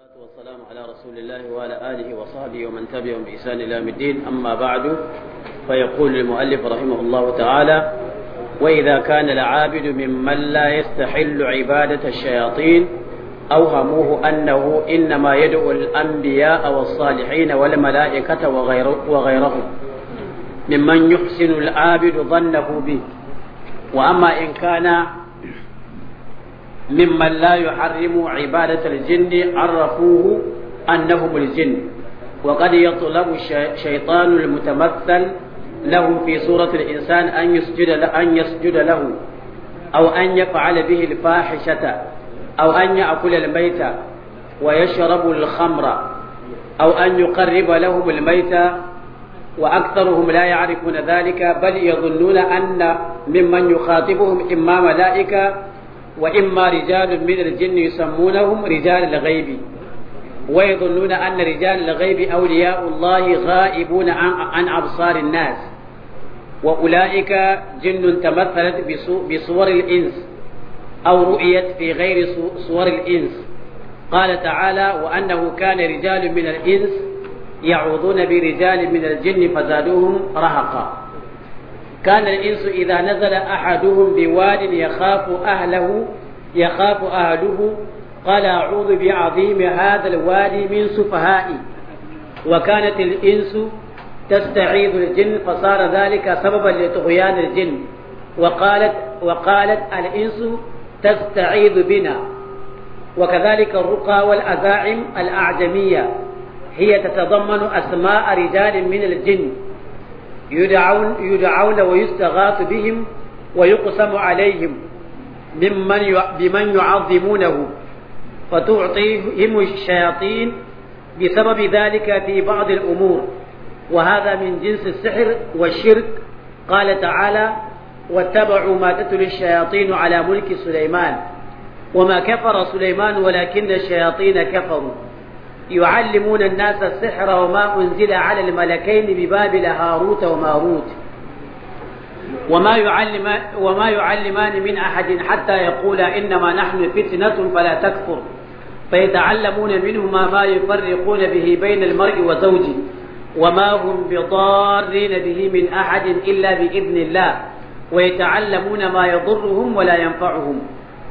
والصلاة والسلام على رسول الله وعلى آله وصحبه ومن تبعهم بإحسان إلى الدين أما بعد فيقول المؤلف رحمه الله تعالى وإذا كان العابد ممن لا يستحل عبادة الشياطين أوهموه أنه إنما يدعو الأنبياء والصالحين والملائكة وغيره وغيرهم ممن يحسن العابد ظنه به وأما إن كان ممن لا يحرم عبادة الجن عرفوه أنهم الجن وقد يطلب الشيطان المتمثل له في صورة الإنسان أن يسجد أن يسجد له أو أن يفعل به الفاحشة أو أن يأكل الميت ويشرب الخمر أو أن يقرب لهم الميت وأكثرهم لا يعرفون ذلك بل يظنون أن ممن يخاطبهم إما ملائكة وإما رجال من الجن يسمونهم رجال الغيب ويظنون أن رجال الغيب أولياء الله غائبون عن أبصار الناس وأولئك جن تمثلت بصور الإنس أو رؤيت في غير صور الإنس قال تعالى وأنه كان رجال من الإنس يعوذون برجال من الجن فزادوهم رهقا كان الإنس إذا نزل أحدهم بواد يخاف أهله يخاف أهله قال أعوذ بعظيم هذا الوادي من سفهائي وكانت الإنس تستعيذ الجن فصار ذلك سببا لطغيان الجن وقالت وقالت الإنس تستعيذ بنا وكذلك الرقى والأزاعم الأعجمية هي تتضمن أسماء رجال من الجن يدعون, يدعون ويستغاث بهم ويقسم عليهم ممن بمن يعظمونه فتعطيهم الشياطين بسبب ذلك في بعض الأمور وهذا من جنس السحر والشرك قال تعالى واتبعوا ما تتلو الشياطين على ملك سليمان وما كفر سليمان ولكن الشياطين كفروا يعلمون الناس السحر وما أنزل على الملكين ببابل هاروت وماروت وما يعلم وما يعلمان من أحد حتى يقولا إنما نحن فتنة فلا تكفر فيتعلمون منهما ما يفرقون به بين المرء وزوجه وما هم بضارين به من أحد إلا بإذن الله ويتعلمون ما يضرهم ولا ينفعهم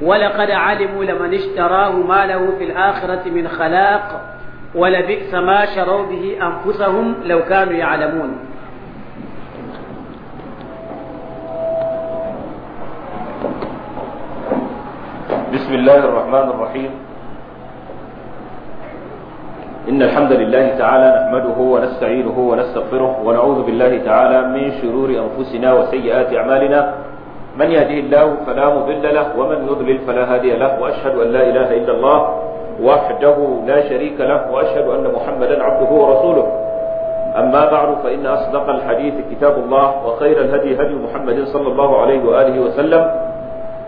ولقد علموا لمن اشتراه ما له في الآخرة من خلاق ولبئس ما شروا به أنفسهم لو كانوا يعلمون بسم الله الرحمن الرحيم إن الحمد لله تعالى نحمده ونستعينه ونستغفره ونعوذ بالله تعالى من شرور أنفسنا وسيئات أعمالنا من يهده الله فلا مضل له ومن يضلل فلا هادي له وأشهد أن لا إله إلا الله وحده لا شريك له وأشهد أن محمدا عبده ورسوله أما بعد فإن أصدق الحديث كتاب الله وخير الهدي هدي محمد صلى الله عليه وآله وسلم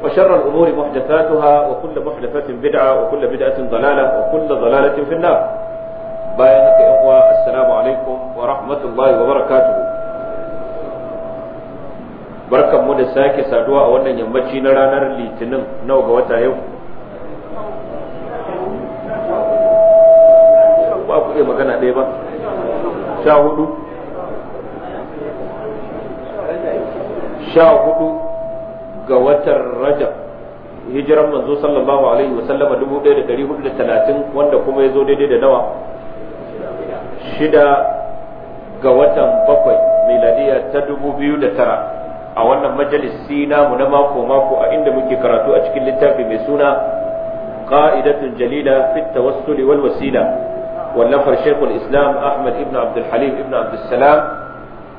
وشر الأمور محدثاتها وكل محدثة بدعة وكل بدعة ضلالة وكل ضلالة في النار بايعك إخوة السلام عليكم ورحمة الله وبركاته barkan mu da sake saduwa a wannan yammaci na ranar litinin nawa ga wata yau ba ku iya magana ɗaya ba sha hudu sha hudu ga watan rajab hijiran manzo sallallahu alaihi wa sallama dubu ɗaya da da hudu talatin wanda kuma ya zo daidai da nawa shida ga watan bakwai miladiya ta dubu biyu da tara, a wannan majalisi namu na mako mako a inda muke karatu a cikin littafi mai suna qa'idatun jalila fit tawassuli wal wasila wallafar shekul islam ahmad ibn abdulhalim ibn abdulsalam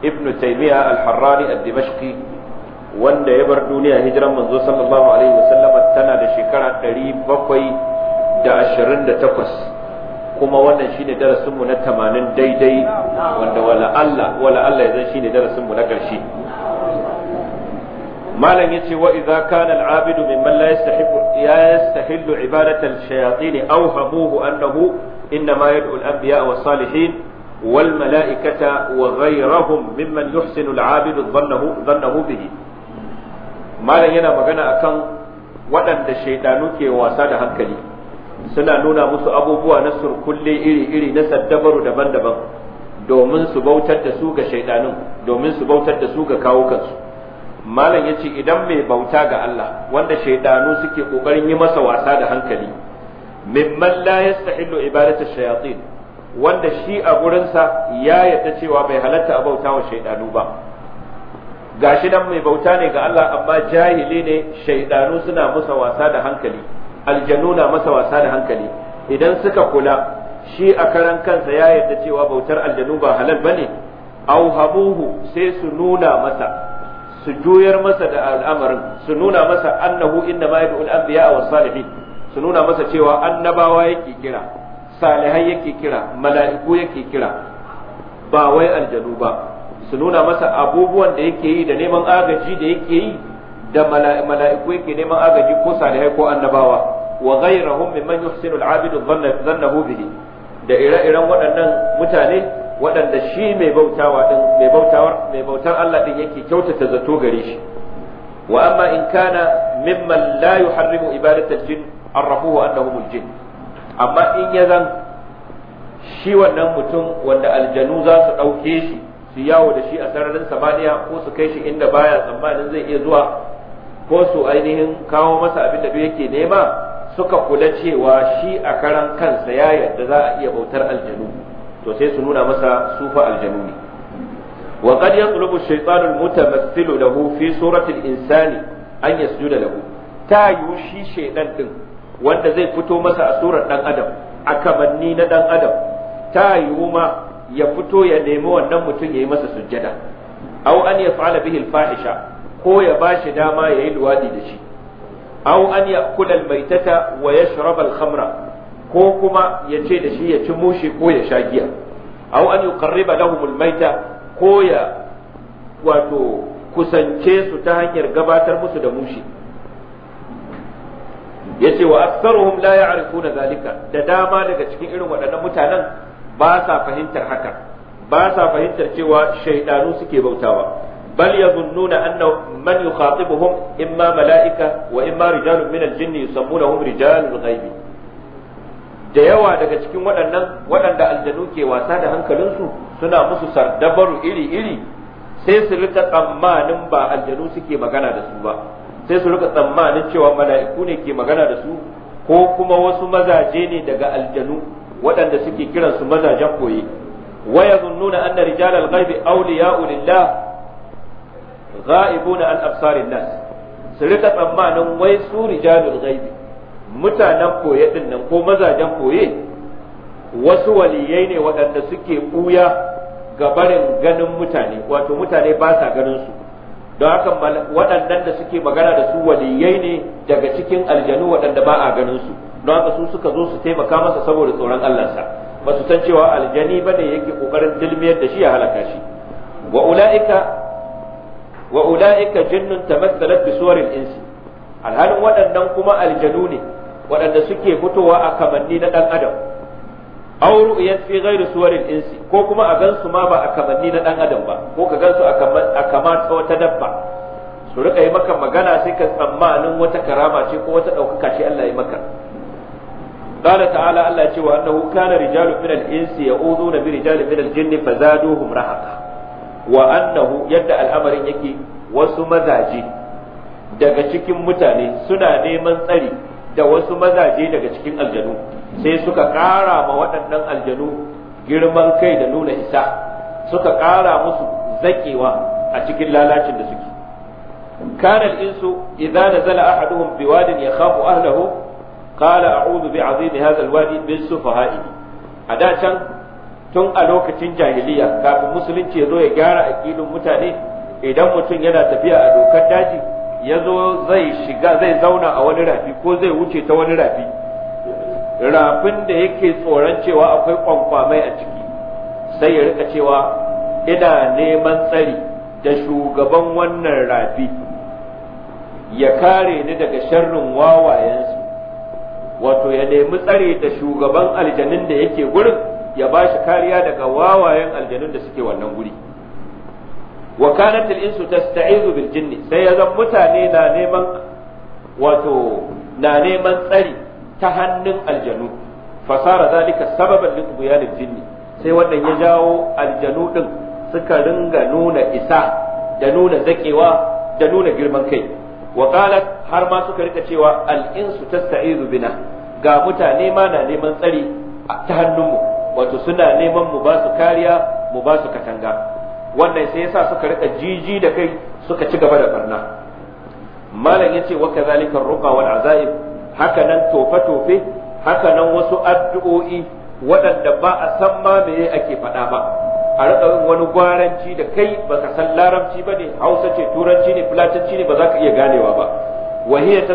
ibn taimiyya alharrani al-dimashqi wanda ya bar duniya hijiran manzo sallallahu alaihi wasallama tana da shekara 728 kuma wannan shine darasin mu na 80 daidai wanda wala Allah wala Allah yanzu shine darasin mu na karshe malam yace wa idza kana al-abidu mimman la yastahibbu ya yastahillu ibadata al-shayatin aw annahu إنما يدعو الأنبياء wa والملائكة وغيرهم ممن يحسن العابد ظنه ظنه به ما yana magana a kan waɗanda shaidanu ke wasa da hankali suna nuna musu abubuwa na surkulle iri-iri na saddabaru daban-daban domin su bautar da su ga shaidanun domin su bautar da su ga kawo malam ya ce idan mai bauta ga Allah wanda shaidanu suke ƙoƙarin yi masa wasa da hankali mimman la yastahillu ibadatu shayatin wanda shi a gurinsa ya yadda cewa bai halatta a bauta wa shaidanu ba gashi nan mai bauta ne ga Allah amma jahili ne shaidanu suna masa wasa da hankali aljanu na masa wasa da hankali idan suka kula shi a karan kansa ya yarda cewa bautar aljanu ba halal bane au habuhu sai su nuna masa su juyar masa da al'amarin su nuna masa annahu inna ma yad'u al-anbiya wa salihin su nuna masa cewa annabawa yake kira salihai yake kira mala'iku yake kira ba wai aljanu ba su nuna masa abubuwan da yake yi da neman agaji da yake yi da mala'iku yake neman agaji ko salihai ko annabawa wa ghayrahum mimman yuhsinu al'abidu dhannahu bihi da ire-iren waɗannan mutane waɗanda shi mai bautawa din mai bautawar mai bautar Allah din yake kyautata zato gare shi wa amma in kana mimman la yuharrimu ibadatal jinn arrafuhu annahum aljin amma in ya zan shi wannan mutum wanda aljanu za su ɗauke shi su yawo da shi a sararin samaniya ko su kai shi inda baya tsammanin zai iya zuwa ko su ainihin kawo masa abin da yake nema suka kula cewa shi a karan kansa ya yarda za a iya bautar aljanu to sai su nuna masa sufa aljanu ne wa qad yatlubu ash-shaytanu al-mutamassilu lahu fi surati al-insani an yasjuda lahu ta yushi shaydan din wanda zai fito masa a surar dan adam a kamanni na dan adam ta yiwu ma ya fito ya nemi wannan mutum ya yi masa sujjada aw an yaf'ala bihi al-fahisha ko ya bashi dama yayi luwadi da shi aw an kulal al-maitata wa yashrab al-khamra ko kuma ya ce da shi ya ci mushi ko ya sha giya aw an yuqarriba lahum al-maita ko ya wato kusance su ta hanyar gabatar musu da mushi yace wa aktsaruhum la ya'rifuna zalika da dama daga cikin irin waɗannan mutanen ba sa fahimtar haka ba sa fahimtar cewa shaydanu suke bautawa bal yazunnuna anna man yukhatibuhum imma mala'ika wa imma rijalun min al yusammunahum rijalul ghaibi da yawa daga cikin waɗannan waɗanda aljanu ke wasa da hankalinsu suna musu sardabaru iri-iri sai su rika tsammanin ba aljanu suke magana da su ba sai su rika tsammanin cewa mala'iku ne ke magana da su ko kuma wasu mazaje ne daga aljanu waɗanda suke kiran su mazajen koyi wa yazunnuna anna rijal al-ghaibi awliya'u lillah ghaibuna an absarin nas su rika tsammanin wai su al ghaibi mutanen koye din nan ko mazajen koye wasu waliyai ne waɗanda suke ɓuya ga barin ganin mutane wato mutane ba sa ganin su don haka waɗannan da suke magana da su waliyai ne daga cikin aljanu waɗanda ba a ganin su don haka su suka zo su taimaka masa saboda tsoron Allah sa ba su san cewa aljani ba ne yake kokarin dilmiyar da shi ya halaka shi wa ulaika wa ulaika jinnun tamassalat bi suwaril insi alhalin waɗannan kuma aljanu ne waɗanda suke fitowa a kamanni na ɗan adam aw ru'yat fi ghairi suwaril insi ko kuma a gansu ma ba a kamanni na dan adam ba ko ka gansu a kama wata dabba su rika yi maka magana sai ka tsammanin wata karama ce ko wata daukaka ce Allah ya maka qala ta'ala Allah ya ce wa annahu kana rijalun min al-insi ya'uduna bi rijalin min al-jinni fazaduhum rahaqa wa annahu yadda al'amarin yake wasu mazaje daga cikin mutane suna neman tsari da wasu mazaje daga cikin aljanu sai suka ƙara ma waɗannan aljanu girman kai da nuna isa suka ƙara musu zaƙewa a cikin lalacin da suke kana al-insu idza nazala ahaduhum biwadin yakhafu ahlihi qala a'udhu bi'azimi hadha al-wadi min sufaha'i a da can tun a lokacin jahiliya kafin musulunci ya zo ya gyara aqidun mutane idan mutum yana tafiya a dokar daji ya zo zai shiga zai zauna a wani rafi ko zai wuce ta wani rafi rafin da yake tsoron cewa akwai kwankwamai a ciki sai ya rika cewa ina neman tsari da shugaban wannan rafi ya kare ni daga sharrin wawayensu wato ya nemi tsari da shugaban aljanun da yake gurin ya ba shi kariya daga wawayen aljanun da suke wannan guri. wa kanat al-insu tasta'izu sai yazan mutane na neman tsari ta hannun aljanu fasara zalika sababan li tughyan sai wannan ya jawo aljanu din suka ringa nuna isa da nuna zakewa da nuna girman kai wa har ma suka rika cewa al-insu ga mutane ma na neman tsari ta hannunmu wato suna neman mu ba su kariya mu ba su katanga wannan sai yasa suka rika jiji da kai suka ci gaba da barna malam yace wa kadhalika ruqa wal azaib haka nan tofe tofe haka nan wasu addu'o'i waɗanda ba a san ma meye ake faɗa ba a rika wani gwaranci da kai baka san larabci ba ne hausa ce turanci ne fulatanci ne ba za ka iya ganewa ba wa hiya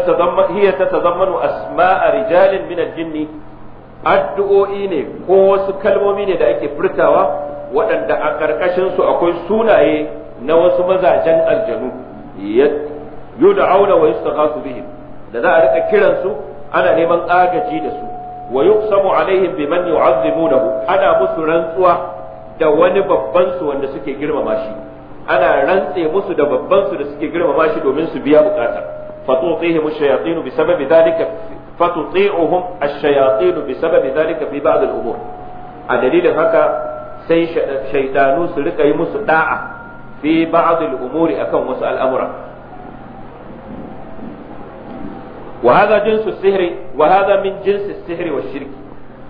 tatazammanu asma'a rijalin min al-jinni addu'o'i ne ko wasu kalmomi ne da ake furtawa waɗanda a ƙarƙashinsu akwai sunaye na wasu mazajen aljanu Yau da yud'auna wa yustaghasu bihim da za a riƙa kiransu ana neman agaji da su wa yuqsamu alaihim biman yu'azzimunahu ana musu rantsuwa da wani babban su wanda suke girmama shi ana rantse musu da babban su da suke girmama shi domin su biya bukata fatutihim ash-shayatin bisababi dhalika fatuti'uhum ash-shayatin bisababi dhalika fi ba'd al-umur a dalilin haka sai shaitanu su rika yi musu da'a fi ba'd umuri akan wasu al'amura wa hadha jinsu sihri wa hadha min jinsi sihri wa shirki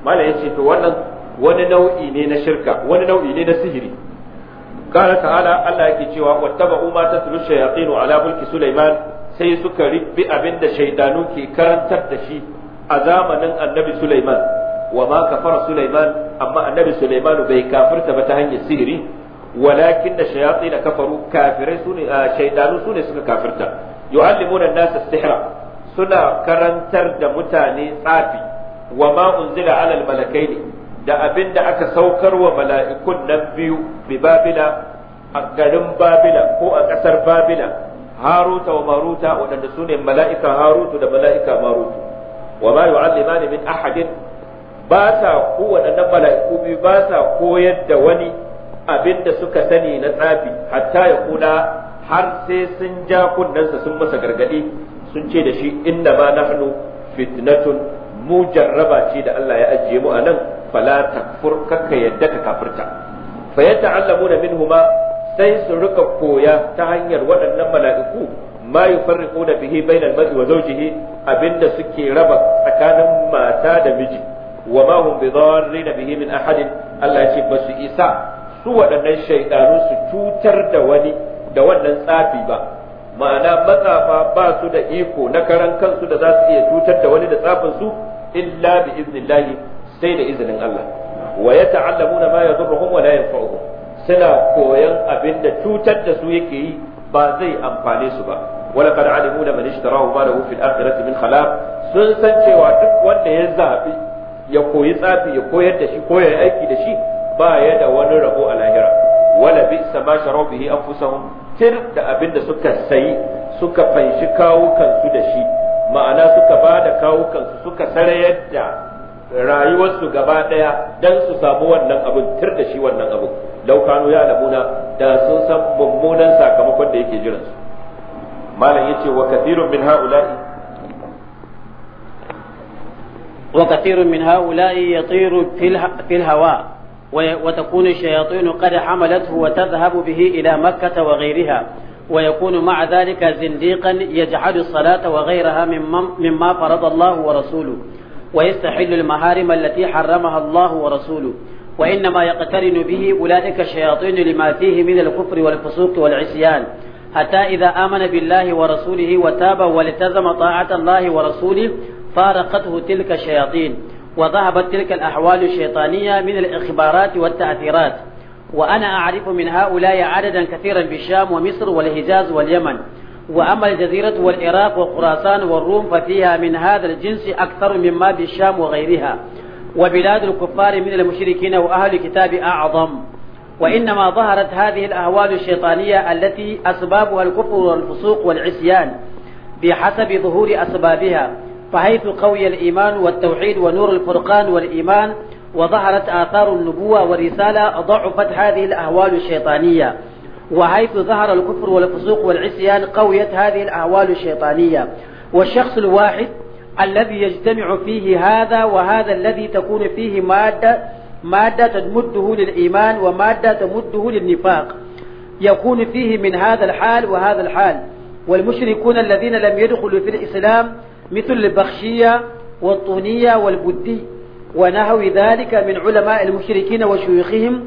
mala yace to wannan wani nau'i ne na shirka wani nau'i ne na sihiri قال تعالى allah yake cewa wattaba'u ma tatlu shayatin ala mulki Sulaiman sai suka ribbi abinda shaidanu ke karantar da shi a zamanin Annabi Sulaiman wa ma kafara Sulaiman amma annabi Sulaiman bai kafirta ba ta hanyar sihiri walakin da shayatsi da kafaru kafirai sune shaydanu sune suka kafirta yu'allimuna an-nasa sihra suna karantar da mutane tsafi wa ma unzila ala al-malakaini da abin da aka saukar wa mala'ikun nan biyu bi babila a garin babila ko a ƙasar babila haruta wa maruta waɗanda su ne mala'ika harutu da mala'ika marutu wa ma yu'allimani min ahadin ba sa ku waɗannan mala'iku biyu ba sa koyar da wani abin da suka sani na tsafi hatta ya kuna har sai sun ja kunnensa sun masa gargadi sun ce da shi inna ma nahnu fitnatun mujarraba ce da Allah ya ajiye mu a nan fala takfur kakka yadda ka kafirta fa yata'allamuna minhuma sai su rika koya ta hanyar waɗannan mala'iku ma da bihi bainal mar'i wa zawjihi abinda suke raba tsakanin mata da miji wa ma hum bidarrin bihi min ahadin Allah ya ce ba su isa su waɗannan shaidanu su cutar da wani da wannan tsafi ba ma'ana matsafa ba su da iko na karan kansu da za su iya cutar da wani da tsafin su illa bi iznillahi sai da izinin Allah wa yata'allamuna ma yadurruhum wa la yanfa'uhum suna koyan abin da cutar da su yake yi ba zai amfane su ba wala qad alimu da man ishtarahu ma lahu fil akhirati min khalaq sun san cewa duk wanda ya zabi ya koyi tsafi ya koyar da shi koyar aiki da shi ba ya da wani rabo a lahira wala bi sama sharau bihi anfusahum tir da abin da suka sayi suka fanshi kansu da shi ma'ana suka ba da kansu suka sarayar da rayuwarsu gaba daya dan su samu wannan abin tir da shi wannan abin Laukano ya labuna da sun san mummunan sakamakon da yake jiransu malam yace wa kathirun min ha'ula'i وكثير من هؤلاء يطير في الهواء وتكون الشياطين قد حملته وتذهب به إلى مكة وغيرها ويكون مع ذلك زنديقا يجعل الصلاة وغيرها مما فرض الله ورسوله ويستحل المهارم التي حرمها الله ورسوله وإنما يقترن به أولئك الشياطين لما فيه من الكفر والفسوق والعصيان حتى إذا آمن بالله ورسوله وتاب والتزم طاعة الله ورسوله فارقته تلك الشياطين وذهبت تلك الأحوال الشيطانية من الإخبارات والتأثيرات وأنا أعرف من هؤلاء عددا كثيرا بالشام ومصر والحجاز واليمن وأما الجزيرة والعراق وخراسان والروم ففيها من هذا الجنس أكثر مما بالشام وغيرها وبلاد الكفار من المشركين وأهل الكتاب أعظم وإنما ظهرت هذه الأهوال الشيطانية التي أسبابها الكفر والفسوق والعصيان بحسب ظهور أسبابها فحيث قوي الإيمان والتوحيد ونور الفرقان والإيمان وظهرت آثار النبوة والرسالة ضعفت هذه الأهوال الشيطانية وحيث ظهر الكفر والفسوق والعصيان قويت هذه الأهوال الشيطانية والشخص الواحد الذي يجتمع فيه هذا وهذا الذي تكون فيه مادة مادة تمده للإيمان ومادة تمده للنفاق يكون فيه من هذا الحال وهذا الحال والمشركون الذين لم يدخلوا في الإسلام مثل البخشية والطونية والبدي ونحو ذلك من علماء المشركين وشيوخهم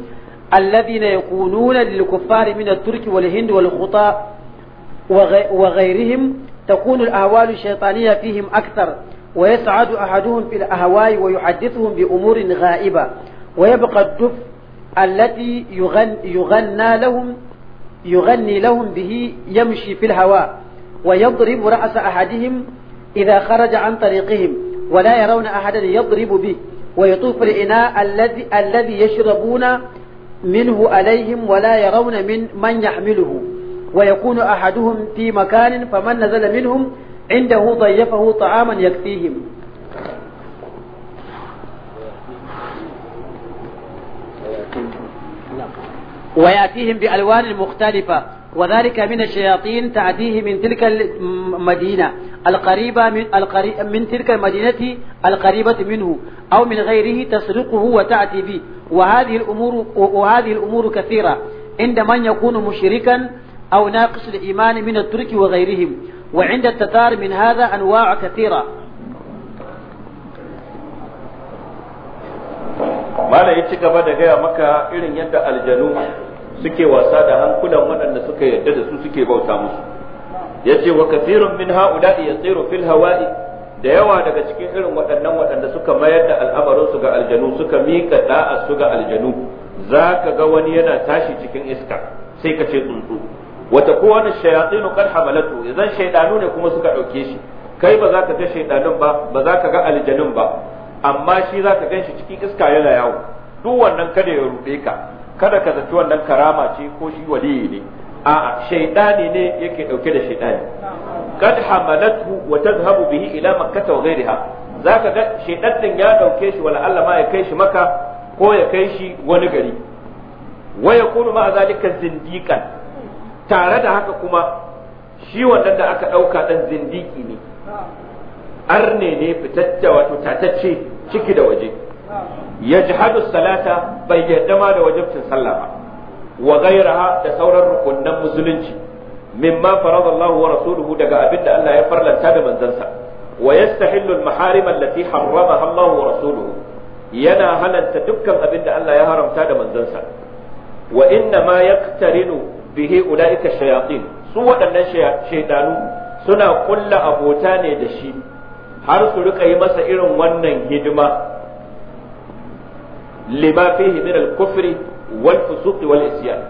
الذين يكونون للكفار من الترك والهند والخطاء وغيرهم تكون الأهوال الشيطانية فيهم أكثر ويسعد أحدهم في الأهواء ويحدثهم بأمور غائبة ويبقى الدف التي يغن يغنى لهم يغني لهم به يمشي في الهواء ويضرب رأس أحدهم إذا خرج عن طريقهم ولا يرون أحدا يضرب به ويطوف الإناء الذي الذي يشربون منه عليهم ولا يرون من من يحمله ويكون أحدهم في مكان فمن نزل منهم عنده ضيفه طعاما يكفيهم ويأتيهم بألوان مختلفة وذلك من الشياطين تعديه من تلك المدينة القريبة من, القري من تلك المدينة القريبة منه أو من غيره تسرقه وتأتي به وهذه الأمور, وهذه الأمور كثيرة عند من يكون مشركا أو ناقص الإيمان من الترك وغيرهم وعند التتار من هذا أنواع كثيرة ما لا يتكبر دقيقة مكة إلين يدى الجنوب suke wasa da hankulan waɗanda suka yarda da su suke bauta musu yace wa kafirun min haula'i ya fil hawa'i da yawa daga cikin irin waɗannan waɗanda suka mayar da al'amarin su ga aljanu suka miƙa da'a su ga aljanu za ka ga wani yana tashi cikin iska sai ka ce tsuntsu wata kowa na shayatsinu kan hamalatu idan shaidanu ne kuma suka ɗauke shi kai ba za ka ga shaidanun ba ba za ka ga aljanun ba amma shi za ka gan shi cikin iska yana yawo duk wannan kada ya ruɗe ka kada ka zaci wannan karama ce ko shi waliyi ne a'a shaidani ne yake dauke da shaidani. kad hamalathu wa tadhhabu bihi ila makkah wa ghayriha zaka ga shaydan din ya dauke shi wala Allah ma ya kai shi maka ko ya kai shi wani gari wa yakunu ma zalika zindiqan tare da haka kuma shi wannan da aka dauka dan zindiki ne arne ne fitacce wato tatacce ciki da waje yajhadu salata bai yadda ma da wajibcin sallah ba wa ghayraha da sauran rukunan musulunci mimma faradallahu wa rasuluhu daga abin da Allah ya farlanta da manzansa wa yastahillu al-maharim allati harramaha Allah wa rasuluhu yana halanta dukkan abin da Allah ya haramta da manzansa wa inna ma yaqtarinu bihi ulaika shayatin su waɗannan shaydanu suna kulla abota ne da shi har su rika yi masa irin wannan hidima lima fihi min al kufr wal fusuq wal isyan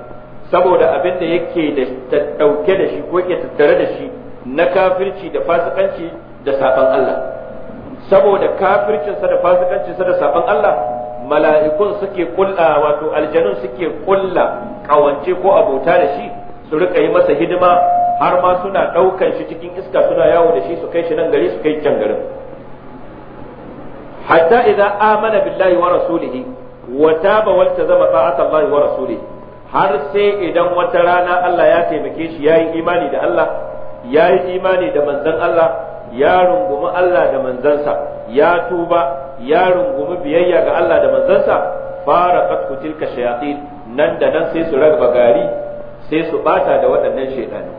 saboda abin da yake da dauke da shi ko yake tattare da shi na kafirci da fasikanci da saban Allah saboda kafircinsa da sa da saban Allah mala'ikun suke kulla wato aljanun suke kulla kawance ko abota da shi su rika yi masa hidima har ma suna ɗaukan shi cikin iska suna yawo da shi su kai shi nan gari su kai can garin hatta idan amana billahi wa rasulihi Wata ba wacce zama ta'ata Allah wa rasuli har sai idan wata rana Allah ya taimake shi yayi imani da Allah yayi imani da manzon Allah ya rungumi Allah da manzansa ya tuba ya rungumi biyayya ga Allah da manzansa faraqat tilka shayatin nan da nan sai su raba gari sai su bata da waɗannan shaidanu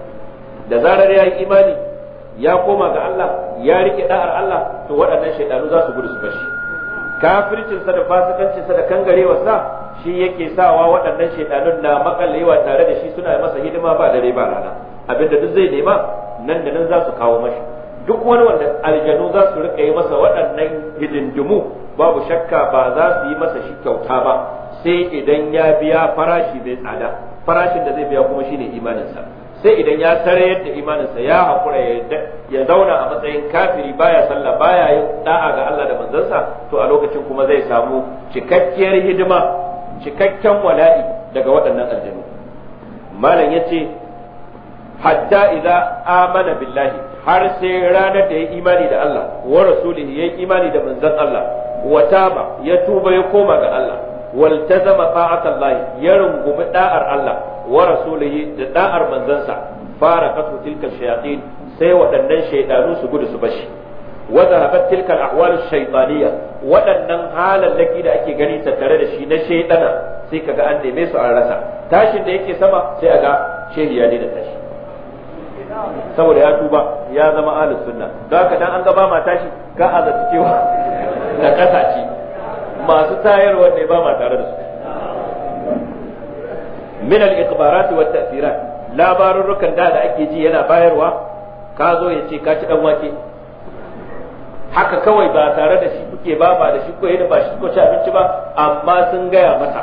da zarar yayi imani ya koma ga Allah ya riƙe da'ar Allah to waɗannan shaidanu za su gudu su bashi kafircinsa da fasikancinsa da kangarewa sa, shi yake sawa waɗannan shaidanun na makalewa tare da shi suna masa hidima ba dare ba rana abinda duk zai nema nan da nan za su kawo mashi duk wani wanda aljanu za su rika yi masa waɗannan hidindimu babu shakka ba za su yi masa shi kyauta ba sai idan ya biya farashi mai tsada farashin da zai biya kuma shine imaninsa sai idan ya tare yadda imaninsa ya haƙura ya zauna a matsayin kafiri baya sallah baya yin da'a ga Allah da manzansa to a lokacin kuma zai samu cikakkiyar hidima cikakken wala'i daga waɗannan aljanu malam ya ce hatta idan amana billahi har sai ranar da ya imani da Allah wa rasuli ya imani da manzan Allah wa taba ya tuba ya koma ga Allah waltazama ta'atallahi ya rungumi da'ar Allah wa rasulihi da da'ar manzansa fara kasu tilka shayatin sai waɗannan shaidanu su gudu su bashi wa zahabat tilka al-ahwal ash-shaytaniyya waɗannan halallaki da ake gani tattare da shi na shaidana sai kaga an neme su an rasa tashin da yake sama sai aga shehi ya da tashi saboda ya tuba ya zama ahlus sunna don haka dan an gaba tashi ka ce masu tayarwa ne tare da su min al-ikhbarat wa ta'thirat labarurrukan da da ake ji yana bayarwa ka zo ya ce ka ci dan wake haka kawai ba tare da shi kuke ba ba da shi ko yana ba shi ko ci abinci ba amma sun gaya masa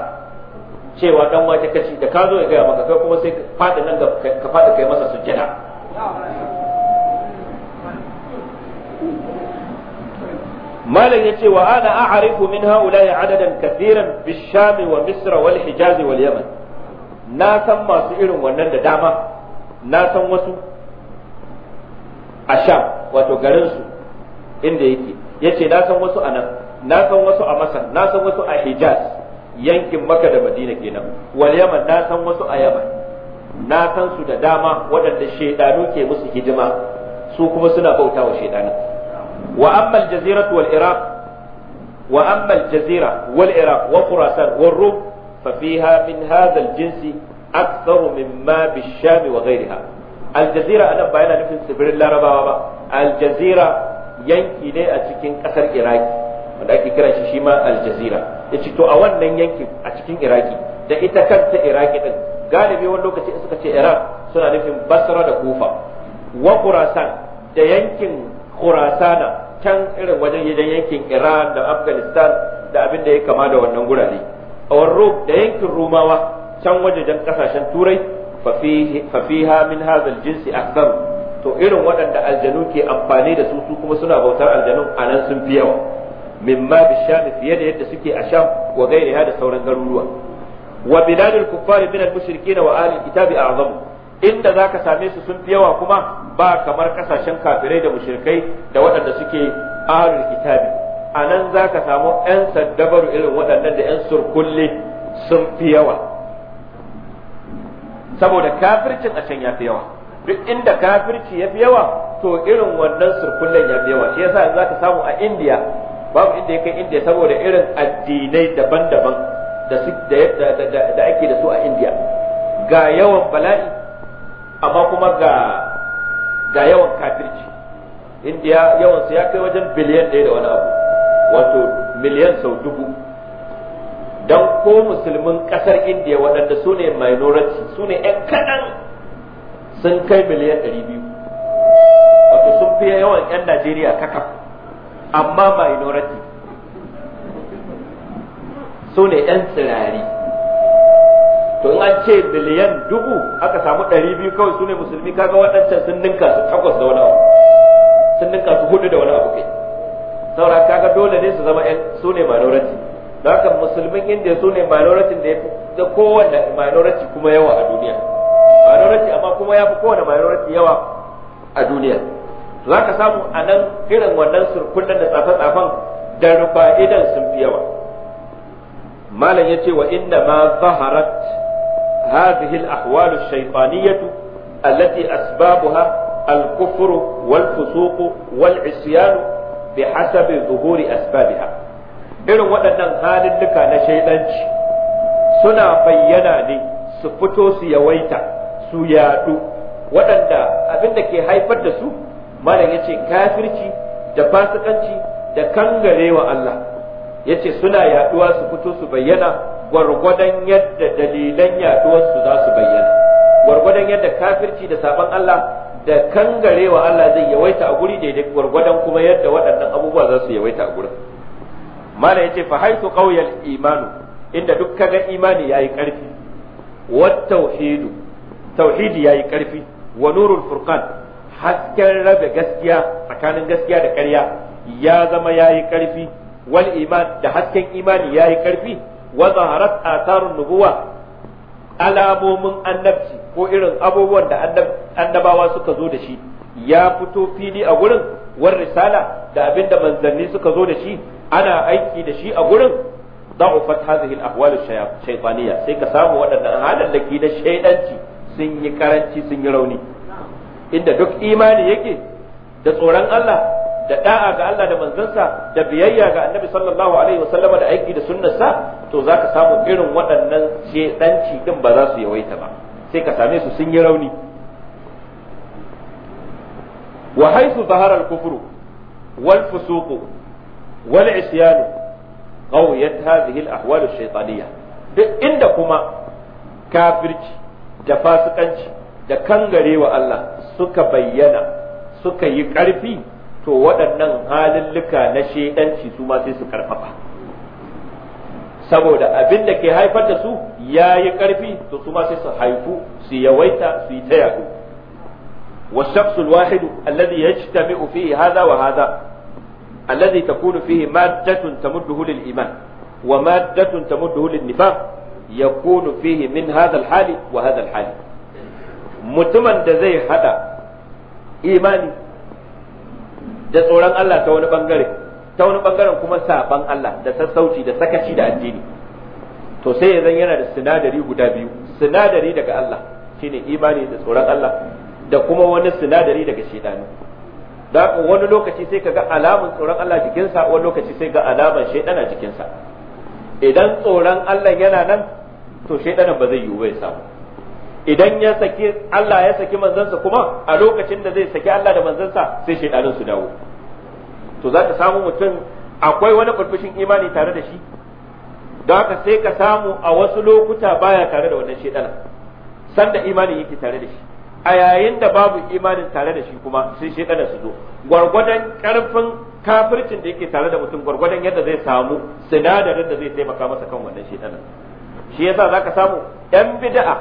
cewa dan wake kaci da ka zo ya gaya maka kai kuma sai ka fada nan ka fada kai masa sujjada malam yace wa ana a'rifu min ha'ula'i adadan kathiran bish-sham wa misr wal hijaz wal yaman na san masu irin wannan da dama na san wasu a sha wato garinsu inda yake ya ce na san wasu a nan na san wasu a masar na san wasu a hijaz yankin maka da madina kenan wal yaman na san wasu a yaman na san su da dama waɗanda shaidanu ke musu hidima su kuma suna bauta wa shaidanin wa amma al-jaziratu wal iraq wa amma al-jazira wal iraq wa khurasan wal rum ففيها من هذا الجنس أكثر مما بالشام وغيرها الجزيرة أنا بيانا نفس سبيل الله ربا الجزيرة yanki ne a cikin kasar iraki wanda ake kiran shi shi ma aljazira ya to a wannan yankin a cikin iraki da ita kanta iraki din galibi wani lokaci suka ce iraq suna nufin basra da kufa wa khurasan da yankin khurasana can irin wajen yankin iran da afghanistan da abin da ya kama da wannan gurare warro da yankin rumawa can wajajen kasashen turai fafiha min hadha jinsi akthar to irin waɗanda aljanu ke amfani da su su kuma suna bautar aljanun a nan sun fi yawa mimma bisham fiye da yadda suke a sham wa gairiha da sauran garuruwa wa biladul kuffar min al wa ahli kitabi a'zamu inda zaka same su sun fi yawa kuma ba kamar kasashen kafirai da mushrikai da waɗanda suke ahlul kitabi a nan za ka samu 'yan saddabaru irin waɗannan da 'yan surkulle sun fi yawa saboda kafircin a can ya fi yawa duk inda kafirci ya fi yawa to irin wannan surkullen ya fi yawa shi yasa za ka samu a indiya babu inda ya kai indiya saboda irin addinai daban-daban da ake da su a indiya ga yawan bala'i amma kuma ga yawan kafirci indiya yawansu ya kai wajen biliyan ɗaya da wani abu wato miliyan sau dubu don ko musulmin kasar indiya waɗanda su ne minority su ne 'yan kaɗan sun kai miliyan 200 wato sun fiye yawan 'yan najeriya kakaf amma minority su ne 'yan tsirari to in an ce miliyan dubu aka samu 200 kawai su ne musulmi kaga waɗancan sun ninka su takwas da wani abu sun ninka su hudu da wani abu kai saura kaga dole ne su zama su ne minority don haka musulmin indiya su ne minority da ya fi kowanne kowane minority kuma yawa a duniya minority amma kuma ya fi kowane minority yawa a duniya za ka samu a nan irin wannan surkunan da tsafe-tsafen da idan sun fi yawa malam ya ce wa inda ma zaharat هذه الأحوال الشيطانية التي أسبابها الكفر والفسوق والعصيان bi hasabi zuhuri asbabiha irin waɗannan halilluka na shaiɗanci suna bayyana ne su fito su yawaita su yadu waɗanda abin da ke haifar da su malam yace kafirci da fasikanci da kangarewa Allah yace suna yaduwa su fito su bayyana gwargwadon yadda dalilan yaduwar su za su bayyana gwargwadon yadda kafirci da saban Allah da kangarewa Allah zai yawaita a guri daidai gwargwadon kuma yadda waɗannan abubuwa za su yawaita a gurin mala ce fa haitu ƙauyar imanu inda duk kaga imani yayi karfi wat tauhidu tauhidi yayi karfi wa nurul furqan hasken rabe gaskiya tsakanin gaskiya da ƙarya ya zama yayi karfi wal iman da hasken imani yayi karfi wa zaharat atarun nubuwa alamomin annabci ko irin abubuwan da annabawa suka zo da shi ya fito fili a gurin war risala da abinda manzanni suka zo da shi ana aiki da shi a gurin da'ufat hadhihi al-ahwal ash-shaytaniyya sai ka samu waɗannan halallaki na shaidanci sun yi karanci sun yi rauni inda duk imani yake da tsoron Allah da da'a ga Allah da manzansa da biyayya ga Annabi sallallahu alaihi wasallama da aiki da sunnarsa to zaka samu irin waɗannan shaidanci din ba za su yawaita ba sai ka same su sun yi rauni wa haythu zahara al-kufru wal fusuqu wal isyanu qawiyat hadhihi al-ahwal ash-shaytaniyya duk inda kuma kafirci da fasikanci da kangarewa Allah suka bayyana suka yi ƙarfi to waɗannan halin na shedanci su ma sai su karfafa saboda abin da ke haifar da su ya yi ƙarfi to su ma sai su haifu su yawaita su yi ta yaɗu والشخص الواحد الذي يجتمع فيه هذا وهذا الذي تكون فيه ta تمده للإيمان nifa ya للنفاق يكون min من هذا wa وهذا الحال mutumin da zai hada imani da tsoron Allah ta wani bangare ta wani bangaren kuma saban Allah da sassauci da sakaci da addini to sai ya zan yana da sinadari guda biyu sinadari daga Allah shine imani da tsoron Allah da kuma wani sinadari daga shaitani da wani lokaci sai ka ga alamun tsoron Allah jikinsa wani lokaci sai ga alaman shedana jikinsa idan tsoron Allah yana nan to shedanan ba zai yiwu ya samu idan ya saki Allah ya saki manzansa kuma a lokacin da zai saki Allah da manzansa sai shaitanin su dawo to za ka samu mutum akwai wani burbushin imani tare da shi don haka sai ka samu a wasu lokuta baya tare da wannan shedana sanda imani yake tare da shi a yayin da babu imanin tare da shi kuma sai shedana su zo gwargwadon karfin kafircin da yake tare da mutum gwargwadon yadda zai samu sinadarin da zai taimaka masa kan wannan shaidana shi yasa ka samu yan bida'a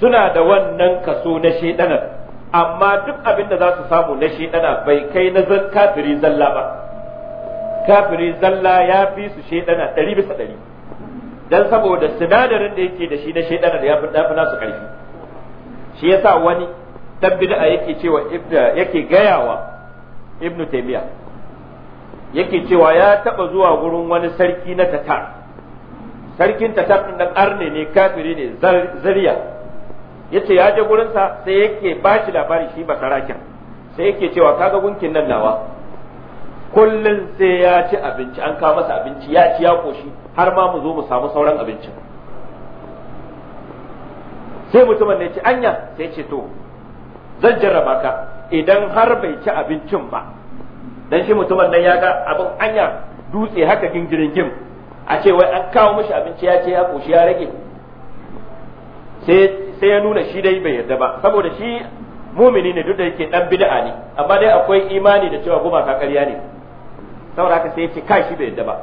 suna da wannan kaso na shedanar amma duk abin da za su samu na shedana bai kai na zan kafiri zalla ba kafiri zalla ya fi su shedana ɗari bisa ɗari dan saboda sinadarin da yake da shi na shedana da ya fi dafi nasu ƙarfi shi ya sa wani tabbida a yake cewa yake gayawa ibnu taimiyya yake cewa ya taba zuwa gurin wani sarki na tatar sarkin tatar ɗin ne kafiri ne zariya yace ya je gurin sa sai yake ba shi labari shi ba sarakin sai yake cewa kaga gunkin nan nawa kullun sai ya ci abinci an kawo masa abinci ya ci ya koshi har ma mu zo mu samu sauran abincin sai mutumin ne ci anya sai ce to zan jarraba ka idan har bai ci abincin ba dan shi mutumin nan ya ga abin anya dutse haka gingiringim a ce wai an kawo mishi abinci ya ce ya koshi ya rage sai sai ya nuna shi dai bai yarda ba saboda shi mumini ne duk da yake dan bid'a ne amma dai akwai imani da cewa gumaka ƙarya ne saboda haka sai ya ce kai shi bai yarda ba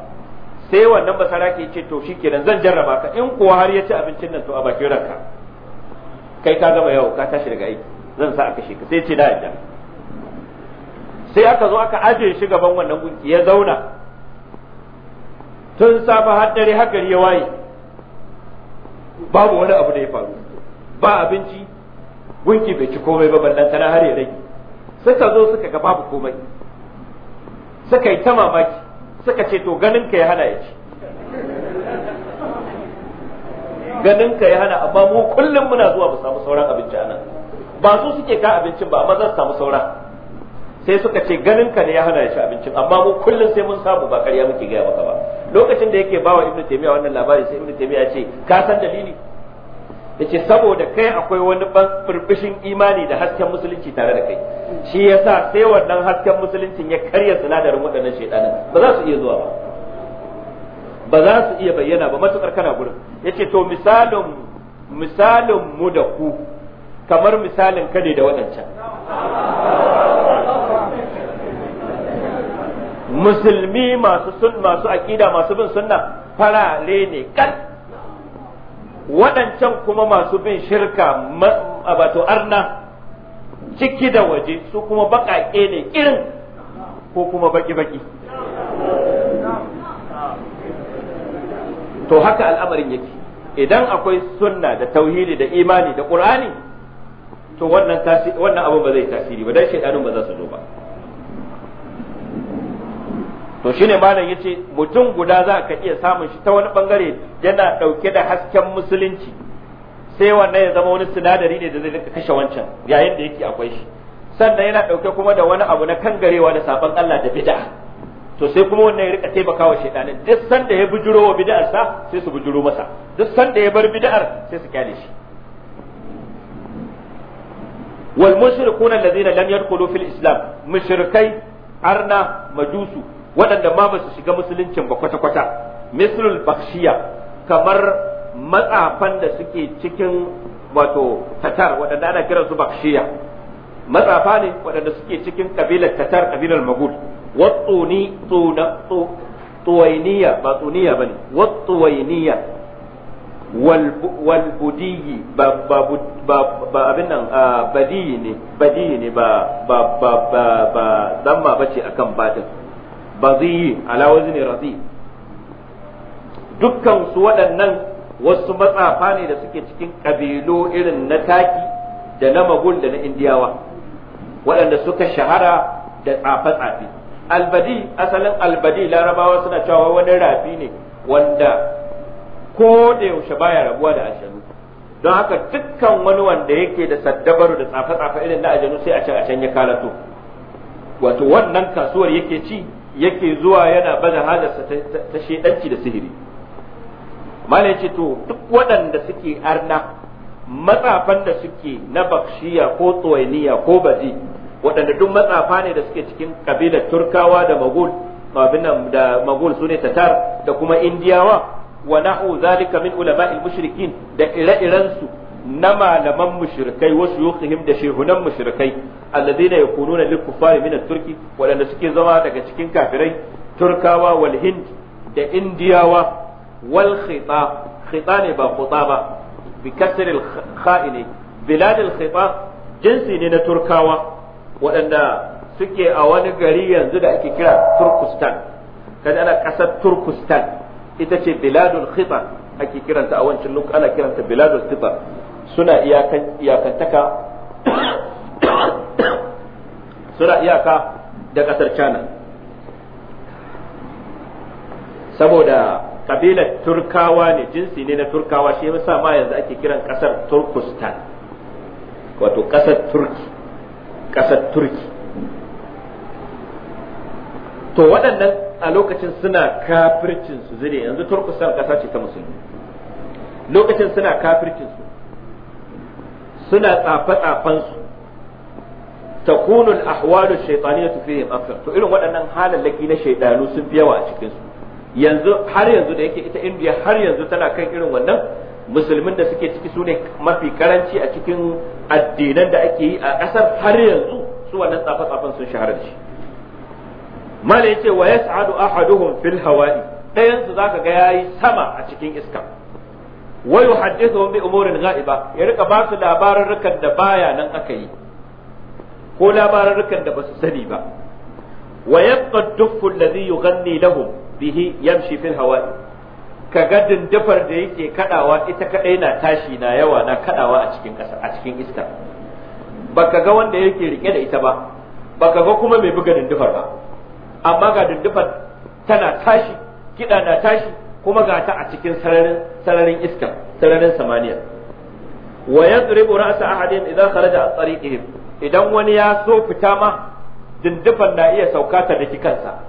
sai wannan basarake ya ce to shikenan zan jarraba ka in kuwa har ya ci abincin nan to a bakin ranka kai ka gama yau ka tashi daga aiki zan sa aka ka sai ce na yarda sai aka zo aka ajiye shi gaban wannan gunki ya zauna tun safe har dare hakari ya waye babu wani abu da ya faru ba abinci gunki bai ci komai ba ballan tana har ya rage suka zo suka ga babu komai suka yi ta mamaki suka ce to ganin ka ya hana ya ci ganin ka ya hana amma mu kullum muna zuwa mu samu sauran abinci anan ba su suke ka abincin ba amma za su samu sauran sai suka ce ganin ka ne ya hana ya ci abincin amma mu kullum sai mun samu ba karya muke gaya maka ba lokacin da yake bawa ibnu taymiya wannan labari sai ibnu taymiya ya ce ka san dalili yace saboda kai akwai wani burbushin imani da hasken musulunci tare da kai shi yasa sai wannan hasken musuluncin ya karya sinadarin waɗannan shaidanin ba za su iya zuwa ba ba za su iya bayyana ba matukar kana gurin yace to misalin misalin mu da ku kamar misalin ka ne da waɗancan musulmi masu sun masu aqida masu bin sunna farale ne kan waɗancan kuma masu bin shirka wato arna ciki da waje su kuma baƙaƙe ne irin ko kuma baƙi-baƙi to haka al'amarin yake idan akwai sunna da tauhidi da imani da ƙur'ani to wannan abin ba zai tasiri ba dan shaidanun ba za su zo ba to shine malam yace mutum guda za ka iya samun shi ta wani bangare yana dauke da hasken musulunci sai wannan ya zama wani sinadari ne da zai rika kashe wancan yayin da yake akwai shi sannan yana dauke kuma da wani abu na kangarewa da sabon Allah da bid'a to sai kuma wannan ya rika taimakawa shedanin duk sanda ya bujuro wa bid'ar sa sai su bujuro masa duk sanda ya bar bid'ar sai su kyale shi wal mushrikuna alladhina lam yadkhulu fil islam mushrikai arna majusu waɗanda ma ba su shiga musuluncin ba kwata-kwata misrul bakshiya kamar matsafan da suke cikin wato tatar waɗanda ana kiransu bakshiya matsafa ne waɗanda suke cikin kabilar tatar kabilar magul watsuni tsuna tsuwainiya ba tsuniya bane watsuwainiya walbudiyi ba abin nan badiyi ne badiyi ne ba ba ba ba zamma bace akan batin. baziyi ala wazni razi dukkan su waɗannan wasu matsafa ne da suke cikin ƙabilo irin na taki da na magul da na indiyawa waɗanda suka shahara da tsafe-tsafe albadi asalin albadi larabawa suna cewa wani rafi ne wanda ko da yaushe baya rabuwa da ajanu don haka dukkan wani wanda yake da saddabaru da tsafe-tsafe irin na ajanu sai a can a can ya kalato wato wannan kasuwar yake ci yake zuwa yana bada hajarsa ta shedanci da sihiri malai ce to duk waɗanda suke arna matsafan da suke na bakshiya ko tsoyaniya ko baji waɗanda duk matsafa ne da suke cikin kabilar turkawa da magul da magul sune ne tatar da kuma indiyawa wa na'u zalika min ulama'il mushrikin da ire-irensu na malaman mushrikai wasu shuyukhihim da shehunan mushrikai alladheena yakununa lil kuffari min turki wadanda suke zama daga cikin kafirai turkawa wal hind da indiyawa wal khita khita ne ba khuta ba bi kasr al kha'ini bilad al khita jinsi ne na turkawa wadanda suke a wani gari yanzu da ake kira turkustan kada ana kasar turkustan ita ce biladul khita ake kiranta a wancan lokaci ana kiranta biladul khita suna iyakantaka suna iyaka da ƙasar China saboda kabilar turkawa ne jinsi ne na turkawa shi yasa ma yanzu ake kiran ƙasar turkustan wato ƙasar turki ƙasar turki to waɗannan a lokacin suna kafircin su zire yanzu turkustan ƙasa ce ta musulmi lokacin suna kafircin suna tsafe-tsafensu ta al-ahwalu shaytaniyatu fihim akthar to irin waɗannan halallaki na shaydanu sun fi yawa a cikin yanzu har yanzu da yake ita indiya har yanzu tana kan irin wannan musulmin da suke ciki su mafi karanci a cikin addinan da ake yi a ƙasar har yanzu su wannan tsafe-tsafen sun shahara da shi mala yace wa yas'adu ahaduhum fil hawa'i ɗayan su zaka ga yayi sama a cikin iska wa yuhaddithuhum bi umurin ghaiba ya rika ba su rukan da baya nan aka yi ko rukan da basu sani ba wa yabqa duk duffu alladhi yughanni lahum bihi yamshi fil hawa'i kaga dindifar da yake kadawa ita kadai na tashi na yawa na kadawa a cikin kasa a cikin iska baka ga wanda yake rike da ita ba baka ga kuma mai buga dindifar ba amma ga dindifar tana tashi kida na tashi kuma ga ta a cikin sararin sararin iska sararin samaniya wa yadribu ra'sa ahadin idza kharaja an tariqihim idan wani ya so fita ma dindifan na iya sauka ta daki kansa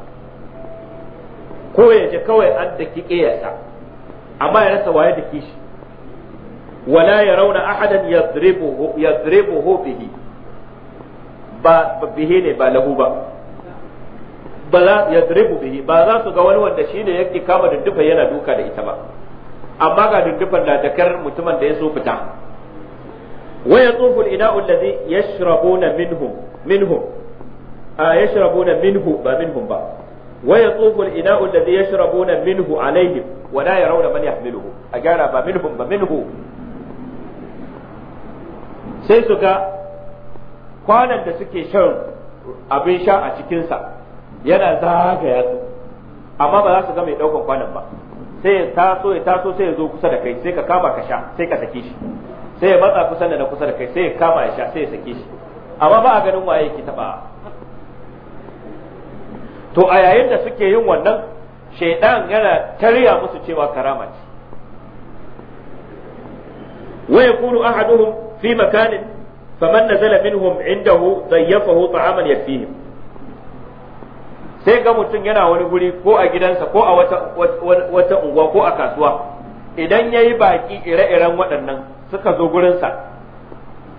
ko ya je kawai an daki kiyasa amma ya rasa waye daki shi wala yarawna ahadan yadribuhu yadribuhu bihi ba bihi ne ba lahu ba ba za ya dribu bihi ba za su ga wani wanda shi shine yake kama dindufa yana duka da ita ba amma ga dindufan da dakar mutumin da ya so fita wa ina al ya alladhi yashrabuna minhum minhum a yashrabuna minhu ba minhum ba wa yatufu al-ina'u alladhi yashrabuna minhu alaihim wa na ya yarawna man yahmiluhu a gyara ba minhum ba minhu sai su ga kwanan da suke shan abin sha a cikinsa yana zaga ya amma ba za su ga mai daukan kwanan ba sai ya taso ya taso sai ya zo kusa da kai sai ka kama ka sha sai ka sake shi sai ya matsa kusa da na kusa da kai sai ya kama ya sha sai ya sake shi amma ba a ganin waye yake taba to a yayin da suke yin wannan shaidan yana tarya musu cewa karama ce wa yakunu ahaduhum fi makanin faman nazala minhum indahu dayyafahu ta'aman yakfihim sai ga mutum yana wani guri ko a gidansa ko a wata unguwa ko a kasuwa idan yayi baki ire-iren waɗannan suka zo gurinsa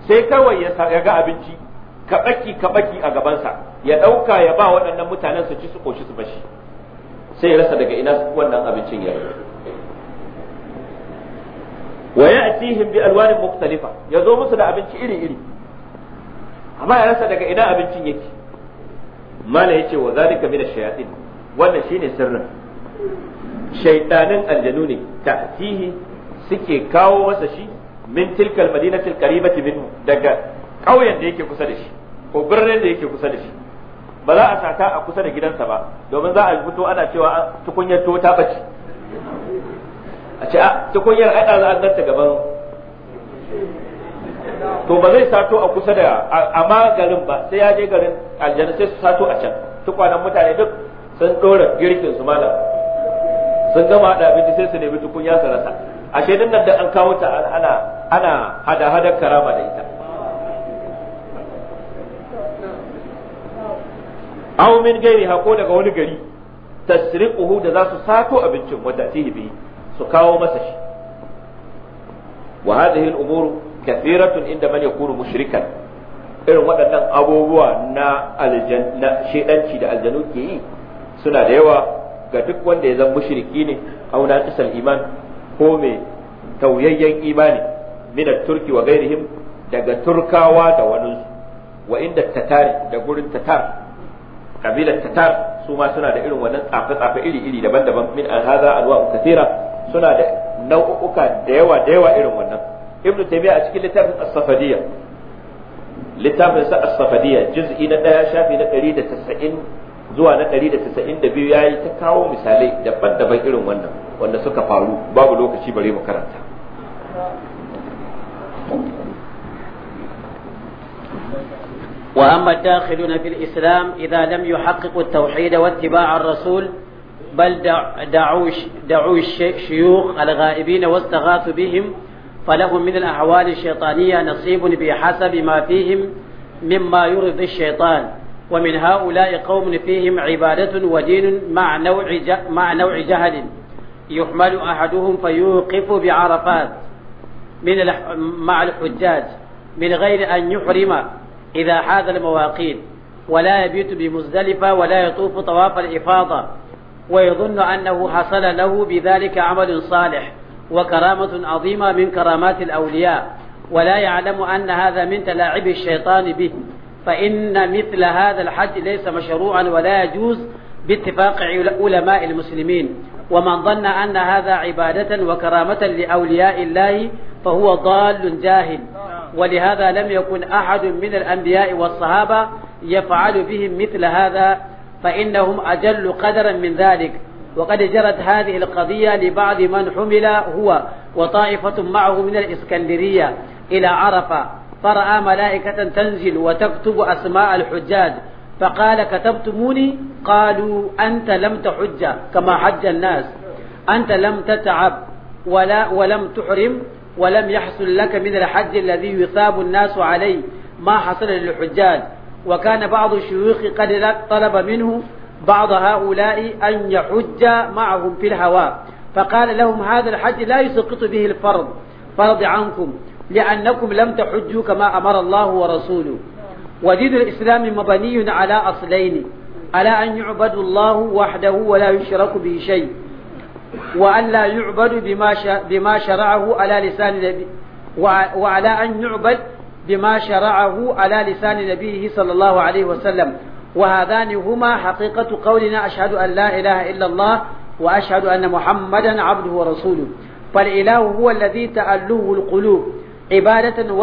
sai kawai ya ga abinci kaɓaki kaɓaki a gabansa ya ɗauka ya ba waɗannan mutanen su ci su ƙoshi su bashi sai ya rasa daga ina wannan abincin ya wa ya'tihim bi alwanin mukhtalifa zo musu da abinci iri iri amma ya rasa daga ina abincin yake mala yace wa zalika min ash-shayatin wannan shine sirrin shaytanin aljanu ne ta'tihi suke kawo masa shi min tilkal madinatil qaribati minhu daga ƙauyen da yake kusa da shi ko birnin da yake kusa da shi ba za a sata a kusa da gidansa ba domin za a fito ana cewa ah, tukunyar to ta bace a ce a ah, tukunyar ai za a zarta gaban to ba zai sato a kusa da amma garin ba sai ya je garin aljanna sai su sato a can tukwanan mutane duk sun ɗora girkin su malam sun gama haɗa abinci sai su nemi tukunya su rasa ashe din nan da an kawo ta ana ana hada hadar karama da ita aw min gairi hako daga wani gari tasriquhu da za su sato abincin wanda tihi bi su kawo masa shi wa hadhihi al-umur kathiratun inda man yakunu mushrikan irin waɗannan abubuwa na shedanci da aljanu ke yi suna da yawa ga duk wanda ya zan mushriki ne au na iman ko mai tauyayyen imani minar turki wa gairihim daga turkawa da wani wa inda tatar da gurin tatar kabilar tatar su ma suna da irin wannan tsafe-tsafe iri-iri daban-daban min an haza alwa'u kathira suna da nau'uka da yawa da yawa irin wannan ibnu taymiya a cikin littafin as-safadiyya littafin sa as-safadiyya juz'i na daya shafi na 190 zuwa na 192 yayi ta kawo misalai daban-daban irin wannan wanda suka faru babu lokaci bare mu karanta وأما الداخلون في الإسلام إذا لم يحققوا التوحيد واتباع الرسول بل دعوا دعوا الشيوخ الغائبين واستغاثوا بهم فلهم من الأعوال الشيطانية نصيب بحسب ما فيهم مما يرضي الشيطان ومن هؤلاء قوم فيهم عبادة ودين مع نوع مع نوع جهل يحمل أحدهم فيوقف بعرفات من مع الحجاج من غير أن يحرم إذا حاز المواقيت ولا يبيت بمزدلفة ولا يطوف طواف الإفاضة ويظن أنه حصل له بذلك عمل صالح وكرامة عظيمة من كرامات الأولياء ولا يعلم أن هذا من تلاعب الشيطان به فإن مثل هذا الحج ليس مشروعا ولا يجوز باتفاق علماء المسلمين ومن ظن أن هذا عبادة وكرامة لأولياء الله فهو ضال جاهل ولهذا لم يكن أحد من الأنبياء والصحابة يفعل بهم مثل هذا فإنهم أجل قدرا من ذلك وقد جرت هذه القضية لبعض من حمل هو وطائفة معه من الإسكندرية إلى عرفة فرأى ملائكة تنزل وتكتب أسماء الحجاج فقال كتبتموني قالوا أنت لم تحج كما حج الناس أنت لم تتعب ولا ولم تحرم ولم يحصل لك من الحج الذي يثاب الناس عليه ما حصل للحجاج وكان بعض الشيوخ قد طلب منه بعض هؤلاء أن يحج معهم في الهواء فقال لهم هذا الحج لا يسقط به الفرض فرض عنكم لأنكم لم تحجوا كما أمر الله ورسوله ودين الإسلام مبني على أصلين على أن يعبد الله وحده ولا يشرك به شيء وأن لا يعبد بما بما شرعه على لسان نبي وعلى أن يعبد بما شرعه على لسان نبيه صلى الله عليه وسلم وهذان هما حقيقة قولنا أشهد أن لا إله إلا الله وأشهد أن محمدا عبده ورسوله فالإله هو الذي تألوه القلوب عبادة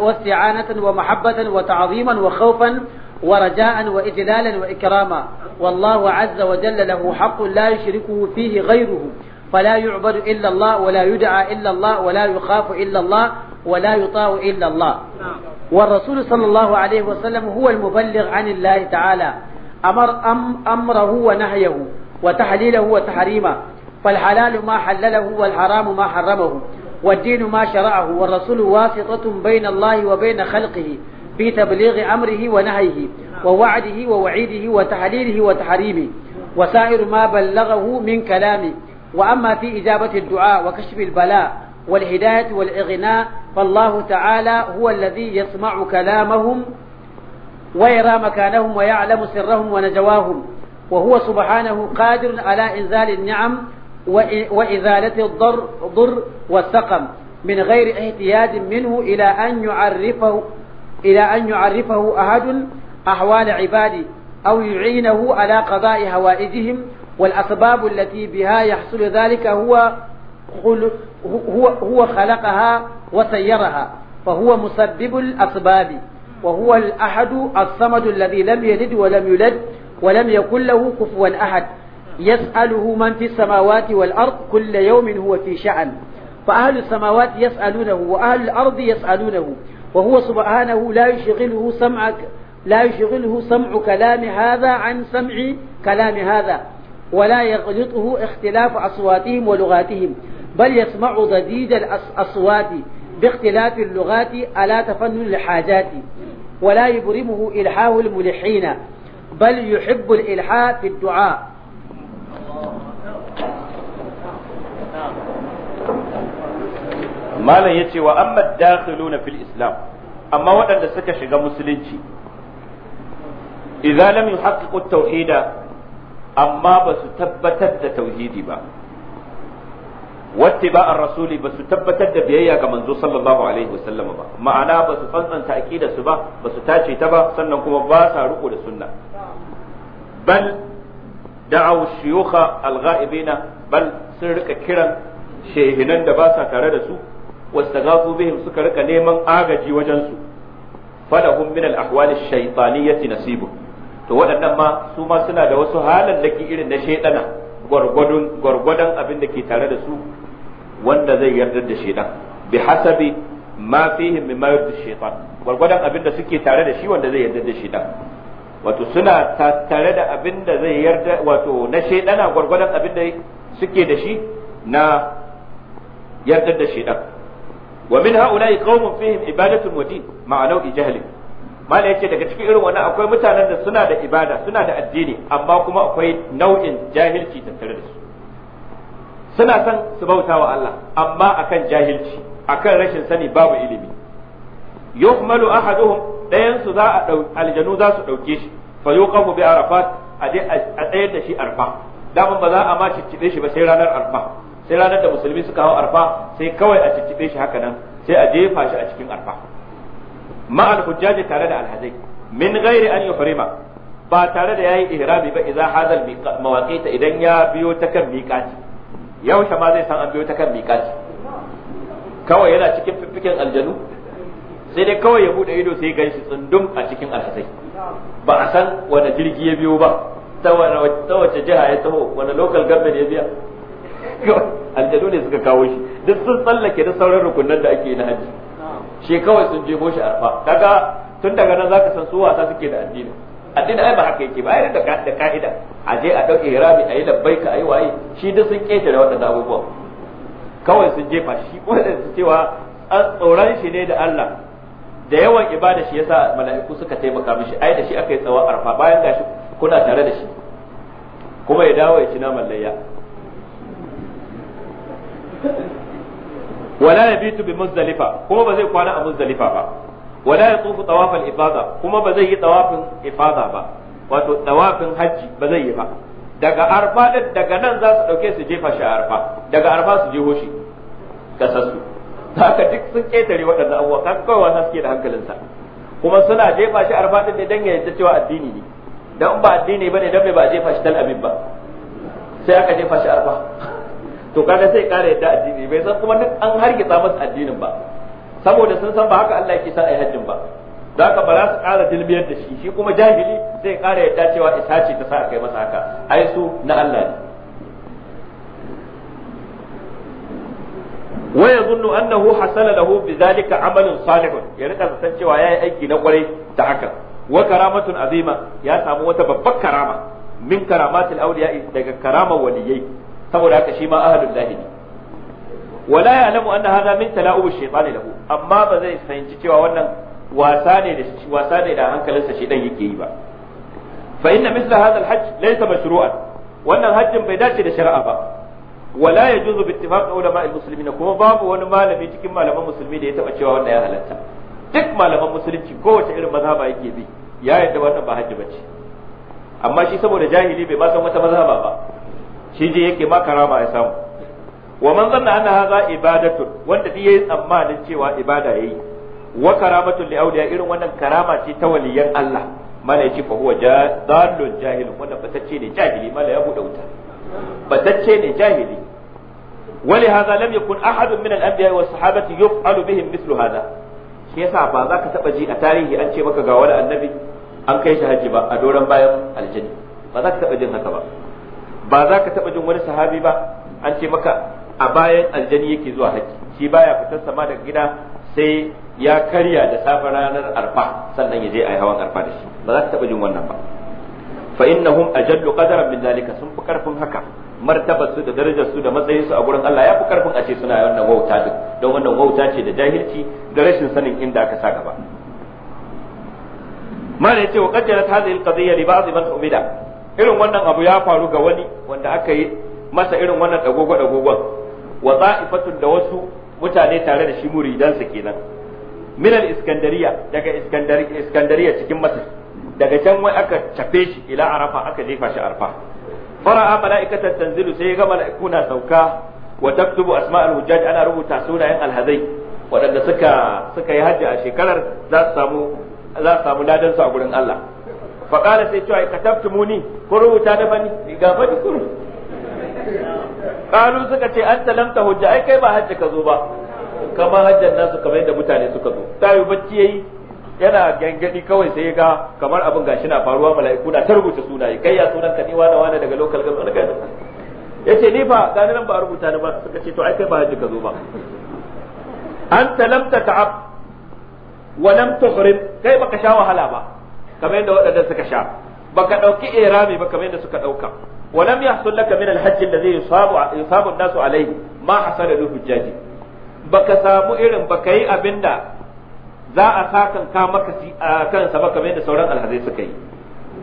واستعانة ومحبة وتعظيما وخوفا ورجاء وإجلالا وإكراما والله عز وجل له حق لا يشركه فيه غيره فلا يعبد إلا الله ولا يدعى إلا الله ولا يخاف إلا الله ولا يطاع إلا الله والرسول صلى الله عليه وسلم هو المبلغ عن الله تعالى أمر أم أمره ونهيه وتحليله وتحريمه فالحلال ما حلله والحرام ما حرمه والدين ما شرعه والرسول واسطة بين الله وبين خلقه في تبليغ أمره ونهيه ووعده ووعيده وتحليله وتحريمه وسائر ما بلغه من كلامه وأما في إجابة الدعاء وكشف البلاء والهداية والإغناء فالله تعالى هو الذي يسمع كلامهم ويرى مكانهم ويعلم سرهم ونجواهم وهو سبحانه قادر على إنزال النعم وإزالة الضر ضر والسقم من غير احتياج منه إلى أن يعرفه إلى أن يعرفه أحد أحوال عباده أو يعينه على قضاء هوائجهم والأسباب التي بها يحصل ذلك هو هو هو خلقها وسيرها فهو مسبب الأسباب وهو الأحد الصمد الذي لم يلد ولم يلد ولم يكن له كفوا أحد يسأله من في السماوات والأرض كل يوم هو في شأن فأهل السماوات يسألونه وأهل الأرض يسألونه وهو سبحانه لا يشغله سمعك لا يشغله سمع كلام هذا عن سمع كلام هذا ولا يغلطه اختلاف أصواتهم ولغاتهم بل يسمع ضجيج الأصوات باختلاف اللغات ألا تفنن الحاجات ولا يبرمه إلحاه الملحين بل يحب الإلحاء في الدعاء ما لا يتي وأما الداخلون في الإسلام أما وأن لسك شغى shiga إذا لم يحقق التوحيد amma ba su tabbatar da tauhidi ba wata ba'an rasuli ba su tabbatar da biyayya ga manzo sallallahu alaihi wasallama ba ma'ana ba su tsantsanta aqida su ba ba su tace ta ba sannan kuma ba sa riko da sunna bal da'aw shuyukha al-ghaibina bal sun rika kiran shehinan da ba sa tare da su wastaghafu bihim suka rika neman agaji wajen su falahum min al-ahwal ash-shaytaniyyati to waɗannan ma su ma suna da wasu da ke irin na shaidana gwargwadon abin da ke tare da su wanda zai yarda da shaidan bi hasabi ma fihim mimma yarda shaitan gwargwadon abin da suke tare da shi wanda zai yarda da shaidan wato suna tare da abin da zai yarda wato na shaidana gwargwadon abin da suke da shi na yarda da shaidan wa min haula'i qaumun fihim ibadatun wa din ma'anau ijahli mala yake daga cikin irin wannan akwai mutanen da suna da ibada suna da addini amma kuma akwai nau'in jahilci tattare da su suna son su bauta wa Allah amma akan jahilci akan rashin sani babu ilimi yukmalu ahaduhum dayan su za a aljanu za su dauke shi fa yuqafu bi arafat a tsayar da shi arfa daman ba za a ma ciccibe shi ba sai ranar arfa sai ranar da musulmi suka hau arfa sai kawai a ciccibe shi haka nan sai a jefa shi a cikin arfa ma al-hujjaji tare da alhazai min ghairi an yuhrima ba tare da yayi ihrami ba idza hadal mawaqita idan ya biyo ta kan miqati yaushe ma zai san an biyo ta kan miqati kawai yana cikin fiffiken aljanu sai dai kawai ya bude ido sai ya shi tsundum a cikin alhazai ba a san wani jirgi ya biyo ba ta wace jiha ya taho wani local government ya biya aljanu ne suka kawo shi duk sun tsallake da sauran rukunan da ake na hajji shi kawai sun jebo shi arfa kaga tun daga nan zaka san su wasa suke da addini addini ai ba haka yake ba ai da ka'ida a je a dauke hirabi a labbaika a waye shi duk sun da waɗannan abubuwan kawai sun jefa shi wannan su cewa tsoron shi ne da Allah da yawan ibada shi yasa mala'iku suka taimaka mishi ai da shi aka yi tsawon arfa bayan shi kuna tare da shi kuma ya dawo ya ci naman layya wala yabitu bi muzdalifa kuma ba zai kwana a muzdalifa ba wala yatufu tawafal ifada kuma ba zai yi tawafin ifada ba wato tawafin hajji ba zai yi ba daga arfa din daga nan za su dauke su jefa shi arfa daga arfa su jeho shi kasassu haka duk sun ketare waɗannan abuwa kaga kawai wasa suke da hankalinsa kuma suna jefa shi arfa din ne dan ya yarda cewa addini ne dan ba addini bane dan bai ba jefa shi tal abin ba sai aka jefa shi arfa to kaga sai kare yadda addini bai san kuma duk an hargitsa masa addinin ba saboda sun san ba haka Allah yake san ai hajjin ba da ka bara su kara dilbiyar da shi shi kuma jahili zai kara yadda cewa isa ce ta sa kai masa haka ai su na Allah ne wa yazunnu annahu hasala lahu bidhalika amalun salihun ya rika san cewa yayi aiki na kwarai da haka wa karamatun azima ya samu wata babbar karama min karamatil awliya daga karamar waliyai saboda haka shi ma ahadul lahi ne wala ya'lamu anna hadha min tala'ub ash-shaytan lahu amma ba zai fahimci cewa wannan wasa ne da wasa ne da hankalinsa yake yi ba fa inna mithla hadha al-hajj laysa mashru'an wannan hajjin bai dace da shari'a ba wala yajuzu bi ittifaq ulama al-muslimin kuma babu wani malami cikin malaman musulmi da ya taba cewa wannan ya halatta duk malaman musulunci kowace irin mazhaba yake bi ya yadda wannan ba hajji bace amma shi saboda jahili bai ba san wata mazhaba ba shi je yake ma karama ya samu wa man zanna anna hadha ibadatun wanda dai yayi tsammanin cewa ibada yayi wa karamatun li awliya irin wannan karama ce ta waliyan Allah mala yake fa huwa dalun jahil wanda batacce ne jahili mala ya bude wuta batacce ne jahili wali hadha lam yakun ahadun min al-anbiya wa sahabati yuf'alu bihim mithlu hadha shi yasa ba za ka taba ji a tarihi an ce maka ga wani annabi an kai shi haji ba a doran bayan aljanna ba za ka taba jin haka ba ba za ka taɓa jin wani sahabi ba an ce maka a bayan aljani yake zuwa haji shi baya fitar sama daga gida sai ya karya da safar ranar arfa sannan ya je a yi hawan arfa da shi ba za ka taɓa jin wannan ba fa innahum ajallu qadaran min zalika sun fi karfin haka martabar su da darajar su da matsayin su a gurin Allah ya fi karfin a ce suna wannan wauta duk don wannan wauta ce da jahilci da rashin sanin inda aka sa gaba mala yace wa qaddarat hadhihi alqadiyya li ba'd man umida irin wannan abu ya faru ga wani wanda aka yi masa irin wannan dagogo dagogon wa ta'ifatun da wasu mutane tare da shi muridansa kenan min al-iskandariya daga iskandariya cikin masar daga can wai aka cafe shi ila arafa aka jefa shi arfa fara'a mala'ikatan tanzilu sai ga mala'iku na sauka wa taktubu asma'ul hujjaj ana rubuta sunayen alhazai waɗanda suka suka yi hajji a shekarar za su samu za su samu ladan a gurin Allah fa qala sai cewa muni ko rubuta da bani ga bani kuru qalu suka ce anta lam hujja ai kai ba hajji ka zo ba kamar hajjan nasu kamar yadda mutane suka zo tayi bacci yayi yana gangadi kawai sai ga kamar abin gashi na faruwa mala'iku na ta rubuta sunaye kai ya sunan ka ni wani wani daga local government Ya yace ni fa gani nan ba rubuta ni ba suka ce to ai kai ba hajji ka zo ba anta lam ta'ab wa lam tuhrim kai baka sha wahala ba kamar yadda waɗannan suka sha baka ɗauki irami ba kamar yadda suka ɗauka walam yahsul laka min alhajj alladhi yusabu yusabu an-nasu alayhi ma hasala lahu hujjaji baka samu irin baka yi abinda za a sakan ka maka kansa ba kamar yadda sauran alhazai suka yi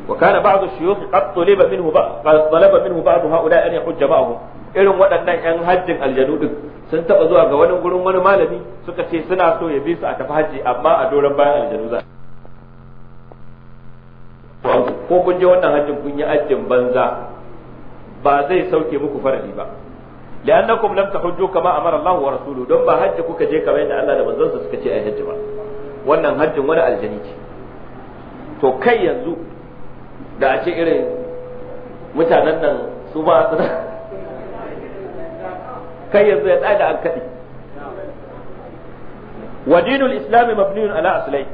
wa kana ba'd ash-shuyukh qad tuliba minhu qad talaba minhu ba'd ha'ula an yahujja ma'ahum irin waɗannan yan hajjin aljanu din sun taba zuwa ga wani gurin wani malami suka ce suna so ya bi su a tafi hajji amma a doron bayan aljanu za ko kun je wannan hajjin kun yi ajjin banza ba zai sauke muku farali ba annakum lam tahujju kama amara Allah wa rasuluhu don ba hajji kuka je kamar yadda Allah da sa suka ce ai hajji ba wannan hajjin wani aljani ce to kai yanzu da a ce irin mutanen nan su ba su kai yanzu ya tsaya da an kaɗi wa dinul islam mabniun ala aslai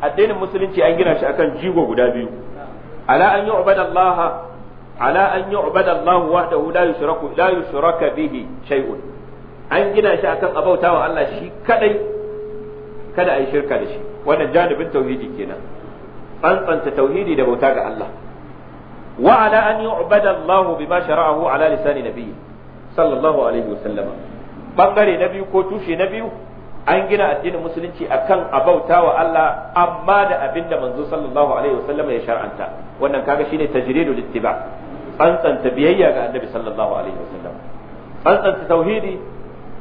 addinin musulunci an gina shi akan jigo guda biyu ala an Allah ala an Allah wahdahu la yushraku la yushraka bihi shay'un an gina shi akan abautawa Allah shi kadai kada a shirka da shi wannan janibin tauhidi kenan tsantsanta tauhidi da bauta ga Allah wa ala an yu'bada Allah bima shara'ahu ala nabiyyi sallallahu alaihi wasallam bangare na biyu ko tushe na biyu an gina addinin musulunci akan abauta wa Allah amma da abinda manzo sallallahu alaihi wasallam ya shar'anta wannan kaga shine tajridul ittiba tsantsanta biyayya ga annabi sallallahu alaihi wasallam tsantsanta tauhidi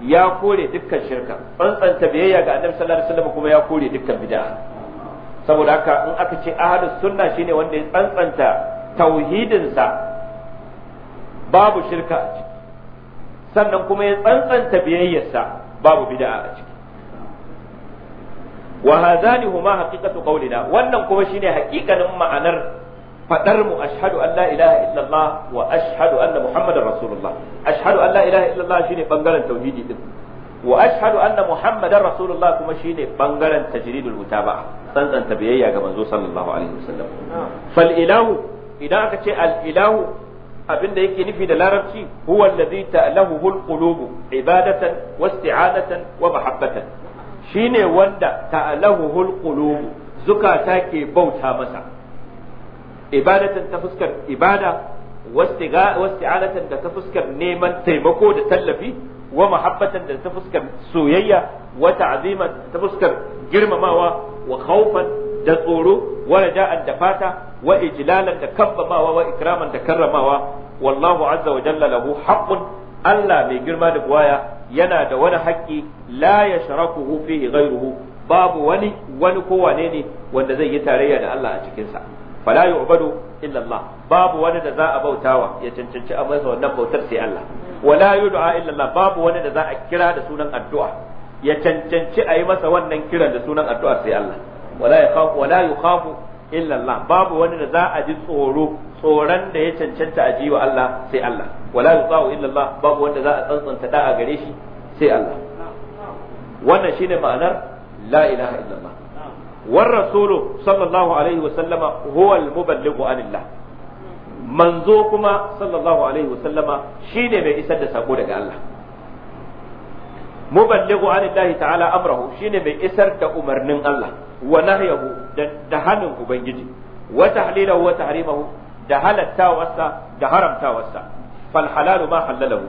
ya kore dukkan shirka tsantsanta biyayya ga annabi sallallahu alaihi wasallam kuma ya kore dukkan bid'a saboda haka in aka ce Ahadus sunna shine wanda ya tsantsanta tauhidinsa babu shirka a ciki sannan kuma ya tsantsanta biyayyarsa babu bid'a a ciki wa hadani huma haqiqatu qawlina wannan kuma shine haƙiƙanin ma'anar fadar mu ashhadu an la ilaha illallah wa ashhadu anna muhammadar rasulullah ashhadu an la ilaha illallah shine bangaren tauhidi din wa ashhadu anna muhammadar rasulullah kuma shine bangaren tajridul mutaba'a tsantsan biyayya ga manzo sallallahu alaihi wasallam fal ilahu idan aka ce al ilahu abinda yake nufi da larabci huwa allazi ta'lahu al qulubu ibadatan wasti'anatan wa mahabbatan shine wanda ta'alahuhul qulub zukata ke bauta masa ibadatan ta fuskar ibada wasti'anatan da ta fuskar neman taimako da tallafi wa mahabbatan da ta fuskar soyayya wa ta'ziman ta fuskar girmamawa wa khawfan da tsoro wa raja'an da fata wa ijlalan da kabbamawa wa ikraman da karramawa wallahu azza wa jalla lahu haqqun Allah mai girma da buwaya yana da wani haƙƙi la ya yashrakuhu fihi ghayruhu babu wani wani ko wane ne wanda zai yi tarayya da Allah a cikin sa fala yu'badu illa Allah babu wani da za a bautawa ya cancanci a masa wannan bautar sai Allah wala yud'a illa Allah babu wani da za a kira da sunan addu'a ya cancanci a yi masa wannan kiran da sunan addu'a sai Allah wala yakhafu wala yakhafu illallah babu wani da za a ji tsoro tsoron da ya cancanta a jiwa Allah sai Allah wala yuqa'u illallah babu wanda za a tsantsanta da a gare shi sai Allah wannan shine ma'anar la ilaha illallah war rasulu sallallahu alaihi wa sallama huwa al muballighu anillah manzo kuma sallallahu alaihi wa sallama shine mai isar da sako daga Allah muballighu anillahi ta'ala amrahu shine mai isar da umarnin Allah wa nahyahu da hanin ubangiji wa tahlilahu wa tahrimahu da halattawarsa da haramtawarsa fal halalu ma halalahu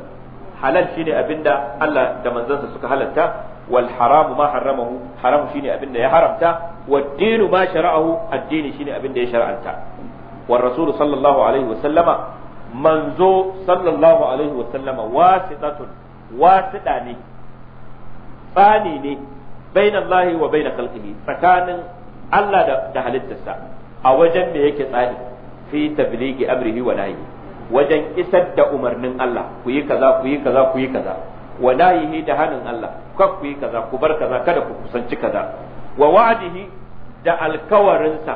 halal shine abinda Allah da manzansa suka halatta wal haramu ma haramahu haram shine abinda ya haramta wa dinu ma shara'ahu addini shine abinda ya shar'anta Wa rasul sallallahu alaihi wa sallama manzo sallallahu alaihi wa sallama wasitatun wasida ne tsani ne bainan lahi wa bainan khalqihi tsakanin Allah da halittarsa a wajen me yake tsani fi tablighi amrihi wa nahyi wajen isar da umarnin Allah ku yi kaza ku yi kaza ku yi kaza wa nahyihi da hanin Allah kar ku yi kaza ku bar kaza kada ku kusanci kaza wa wa'dihi da alkawarinsa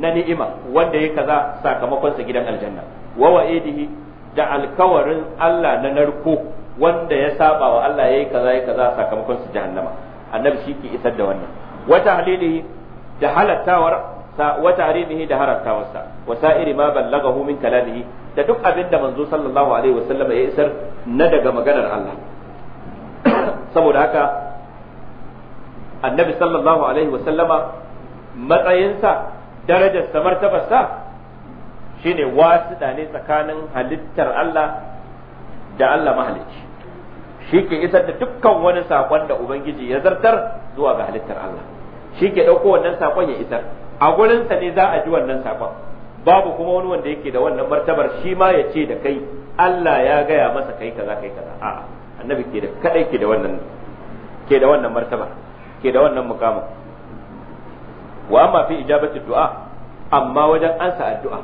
na ni'ima wanda ya kaza sa gidan aljanna wa wa'idihi da alkawarin Allah na narko wanda ya saba wa Allah yayi kaza yayi kaza sakamakon su jahannama annabi shi ke isar da wannan wata halilihi da halattawar wata tahrimihi da haramtawarsa wa sa'iri ma ballagahu min kalamihi da duk abin da manzo sallallahu alaihi wasallam ya isar na daga maganar Allah saboda haka annabi sallallahu alaihi wasallama matsayinsa darajar darajarsa martabarsa shine wasu ne tsakanin halittar Allah da Allah mahalicci shi ke isar da dukkan wani saƙon da ubangiji ya zartar zuwa ga halittar Allah shi ke ɗauko wannan saƙon ya isar a gurinsa ne za a ji wannan saƙon babu kuma wani wanda yake da wannan martabar shi ma ya ce da kai Allah ya gaya masa kai kaza kai kaza a'a annabi ke da kadai ke da wannan ke da wannan martaba ke da wannan mukama wa amma fi ijabati du'a amma wajen ansa addu'a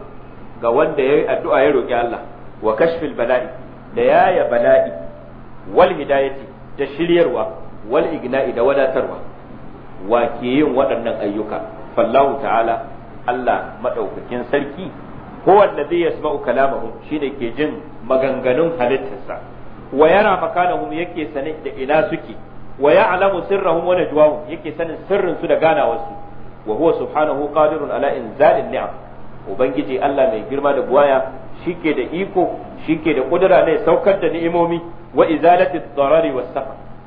ga wanda yayi addu'a ya roki Allah wa kashfil bala'i da yaya bala'i wal hidayati da shiryarwa wal igna'i da wadatarwa wa ke yin waɗannan ayyuka fallahu ta'ala Allah madaukakin sarki ko wanda zai yasma'u shi shine ke jin maganganun halittarsa wa yana makanahum yake sanin da ina suke wa ya'lamu sirrahum wa najwahum yake sanin sirrin su da ganawarsu wa huwa subhanahu qadirun ala inzalin ni'am ubangiji Allah mai girma da buwaya shike da iko shike da kudura ne saukar da ni'imomi wa izalati darari was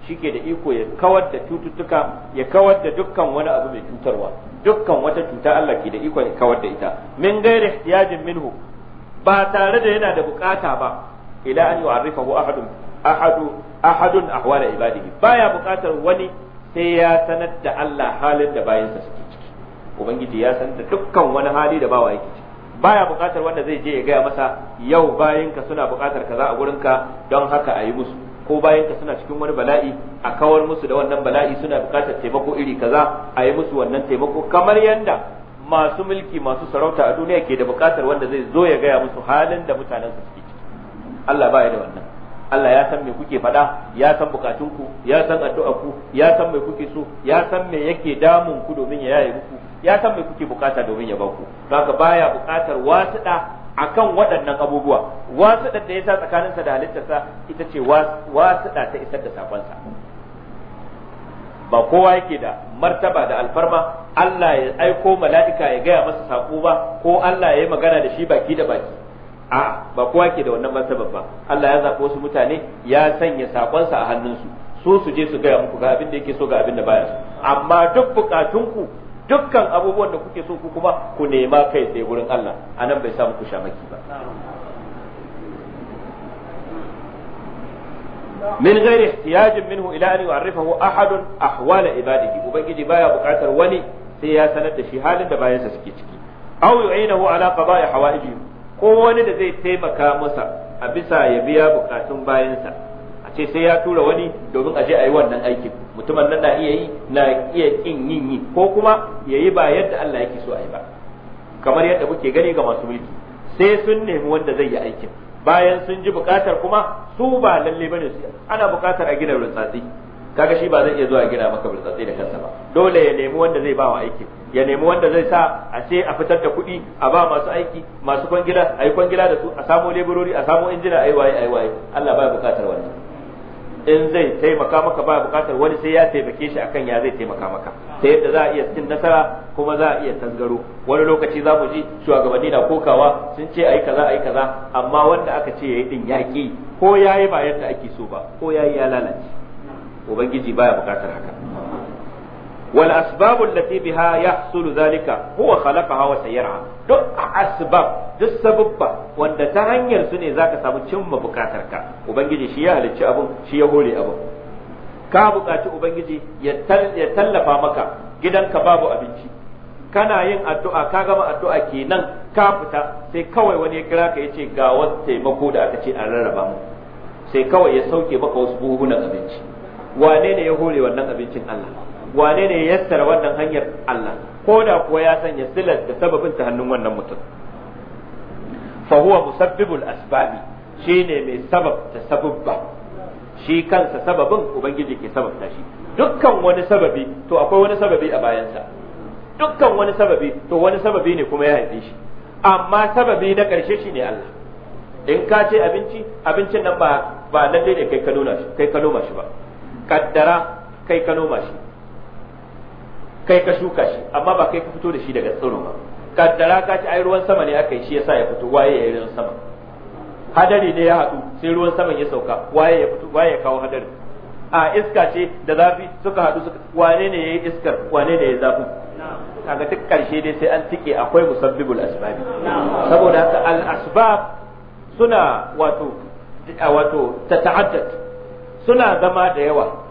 shike da iko ya kawar da cututtuka ya kawar da dukkan wani abu mai cutarwa dukkan wata cuta Allah ke da iko ya kawar da ita min gairi ihtiyajin minhu ba tare da yana da bukata ba ila an yu'arrifahu ahadun ahadu ahadun ahwala ibadihi baya bukatar wani sai ya sanar da Allah halin da bayansa suke ciki ubangiji ya sanar da dukkan wani hali da bawa yake ciki baya buƙatar wanda zai je ya gaya masa yau bayanka suna buƙatar kaza a gurinka don haka a yi musu ko bayanka suna cikin wani bala'i a kawar musu da wannan bala'i suna buƙatar taimako iri kaza a yi musu wannan taimako kamar yadda masu mulki masu sarauta a duniya ke da buƙatar wanda zai zo ya gaya musu halin da mutanen su suke Allah baya da wannan Allah ya san me kuke faɗa ya san bukatunku ya san addu'arku ya san me kuke so ya san me yake damun ku domin ya yaye muku ya san mai kuke bukata domin ya baku kaga baya bukatar wasuɗa akan waɗannan abubuwa wasuɗa da ya sa tsakaninsa da halittarsa ita ce wasuɗa ta isar da sakonsa ba kowa yake da martaba da alfarma Allah ya aiko mala'ika ya gaya masa saƙo ba ko Allah ya yi magana da shi baki da baki a ba kowa yake da wannan martaba ba Allah ya zaɓi wasu mutane ya sanya saƙonsa a hannunsu su su je su gaya muku ga abin da yake so ga abin da baya amma duk ku. dukkan abubuwan da kuke so ku kuma ku nema kai tsaye gurin Allah anan bai sa muku shamaki ba min gairi ihtiyajin minhu ila an yu'arrifahu ahadun ahwala ibadihi ubangiji baya bukatar wani sai ya sanar da shi halin da bayansa suke ciki aw yu'inahu ala qada'i hawaiji ko wani da zai taimaka masa a bisa ya biya bukatun bayansa a ce sai ya tura wani domin a je a yi wannan aikin mutumin nan na iya yi na iya kin yin yi ko kuma ya yi ba yadda Allah yake so a yi ba kamar yadda kuke gani ga masu mulki sai sun nemi wanda zai yi aikin bayan sun ji bukatar kuma su ba lalle bane su ana bukatar a gina rutsatsi kaga shi ba zai iya zuwa gida maka rutsatsi da kansa ba dole ya nemi wanda zai ba wa aiki ya nemi wanda zai sa a ce a fitar da kuɗi a ba masu aiki masu kwangila a yi kwangila da su a samo leburori a samo injina a yi waye a yi waye Allah ba bukatar wannan in zai taimaka maka ba bukatar wani sai ya taimake shi akan ya zai taimaka maka ta yadda za a iya cin nasara kuma za a iya tangaro wani lokaci za mu ji shugabanni na kokawa sun ce ayi kaza ayi kaza amma wanda aka ce yayi din yaki ko yayi ba yadda ake so ba ko yayi ya lalace ubangiji baya bukatar haka wal asbabu allati biha yahsulu zalika huwa khalaqaha wa sayyara duk asbab duk sababba wanda ta hanyar su ne zaka samu cimma bukatarka ubangiji shi ya halicci abun shi ya hore abun ka bukaci ubangiji ya tallafa maka gidanka babu abinci kana yin addu'a ka gama addu'a kenan ka fita sai kawai wani ya kira ka yace ga wasu taimako da aka ce an rarraba mu sai kawai ya sauke maka wasu buhunan abinci wane ne ya hore wannan abincin Allah wane ne yassara wannan hanyar Allah ko da kuwa ya sanya silar da sababin ta hannun wannan mutum fa huwa musabbibul asbabi shine mai sabab ta sababba shi kansa sababin ubangiji ke sababta shi dukkan wani sababi to akwai wani sababi a bayansa dukkan wani sababi to wani sababi ne kuma ya haife shi amma sababi na karshe shine Allah in ka ce abinci abincin nan ba ba lalle ne kai ka nuna shi kai ka noma shi ba kaddara kai ka noma shi kai ka shuka shi amma ba kai ka fito da shi daga tsiro ba kaddara ka ci ai ruwan sama ne aka yi shi yasa ya fito waye ya yi ruwan sama hadari ne ya haɗu sai ruwan saman ya sauka waye ya fito waye ya kawo hadari a iska ce da zafi suka haɗu suka wane ne yayi iskar wane ne ya zafi kaga duk karshe dai sai an tike akwai musabbibul asbab saboda haka al asbab suna wato wato ta'addad suna zama da yawa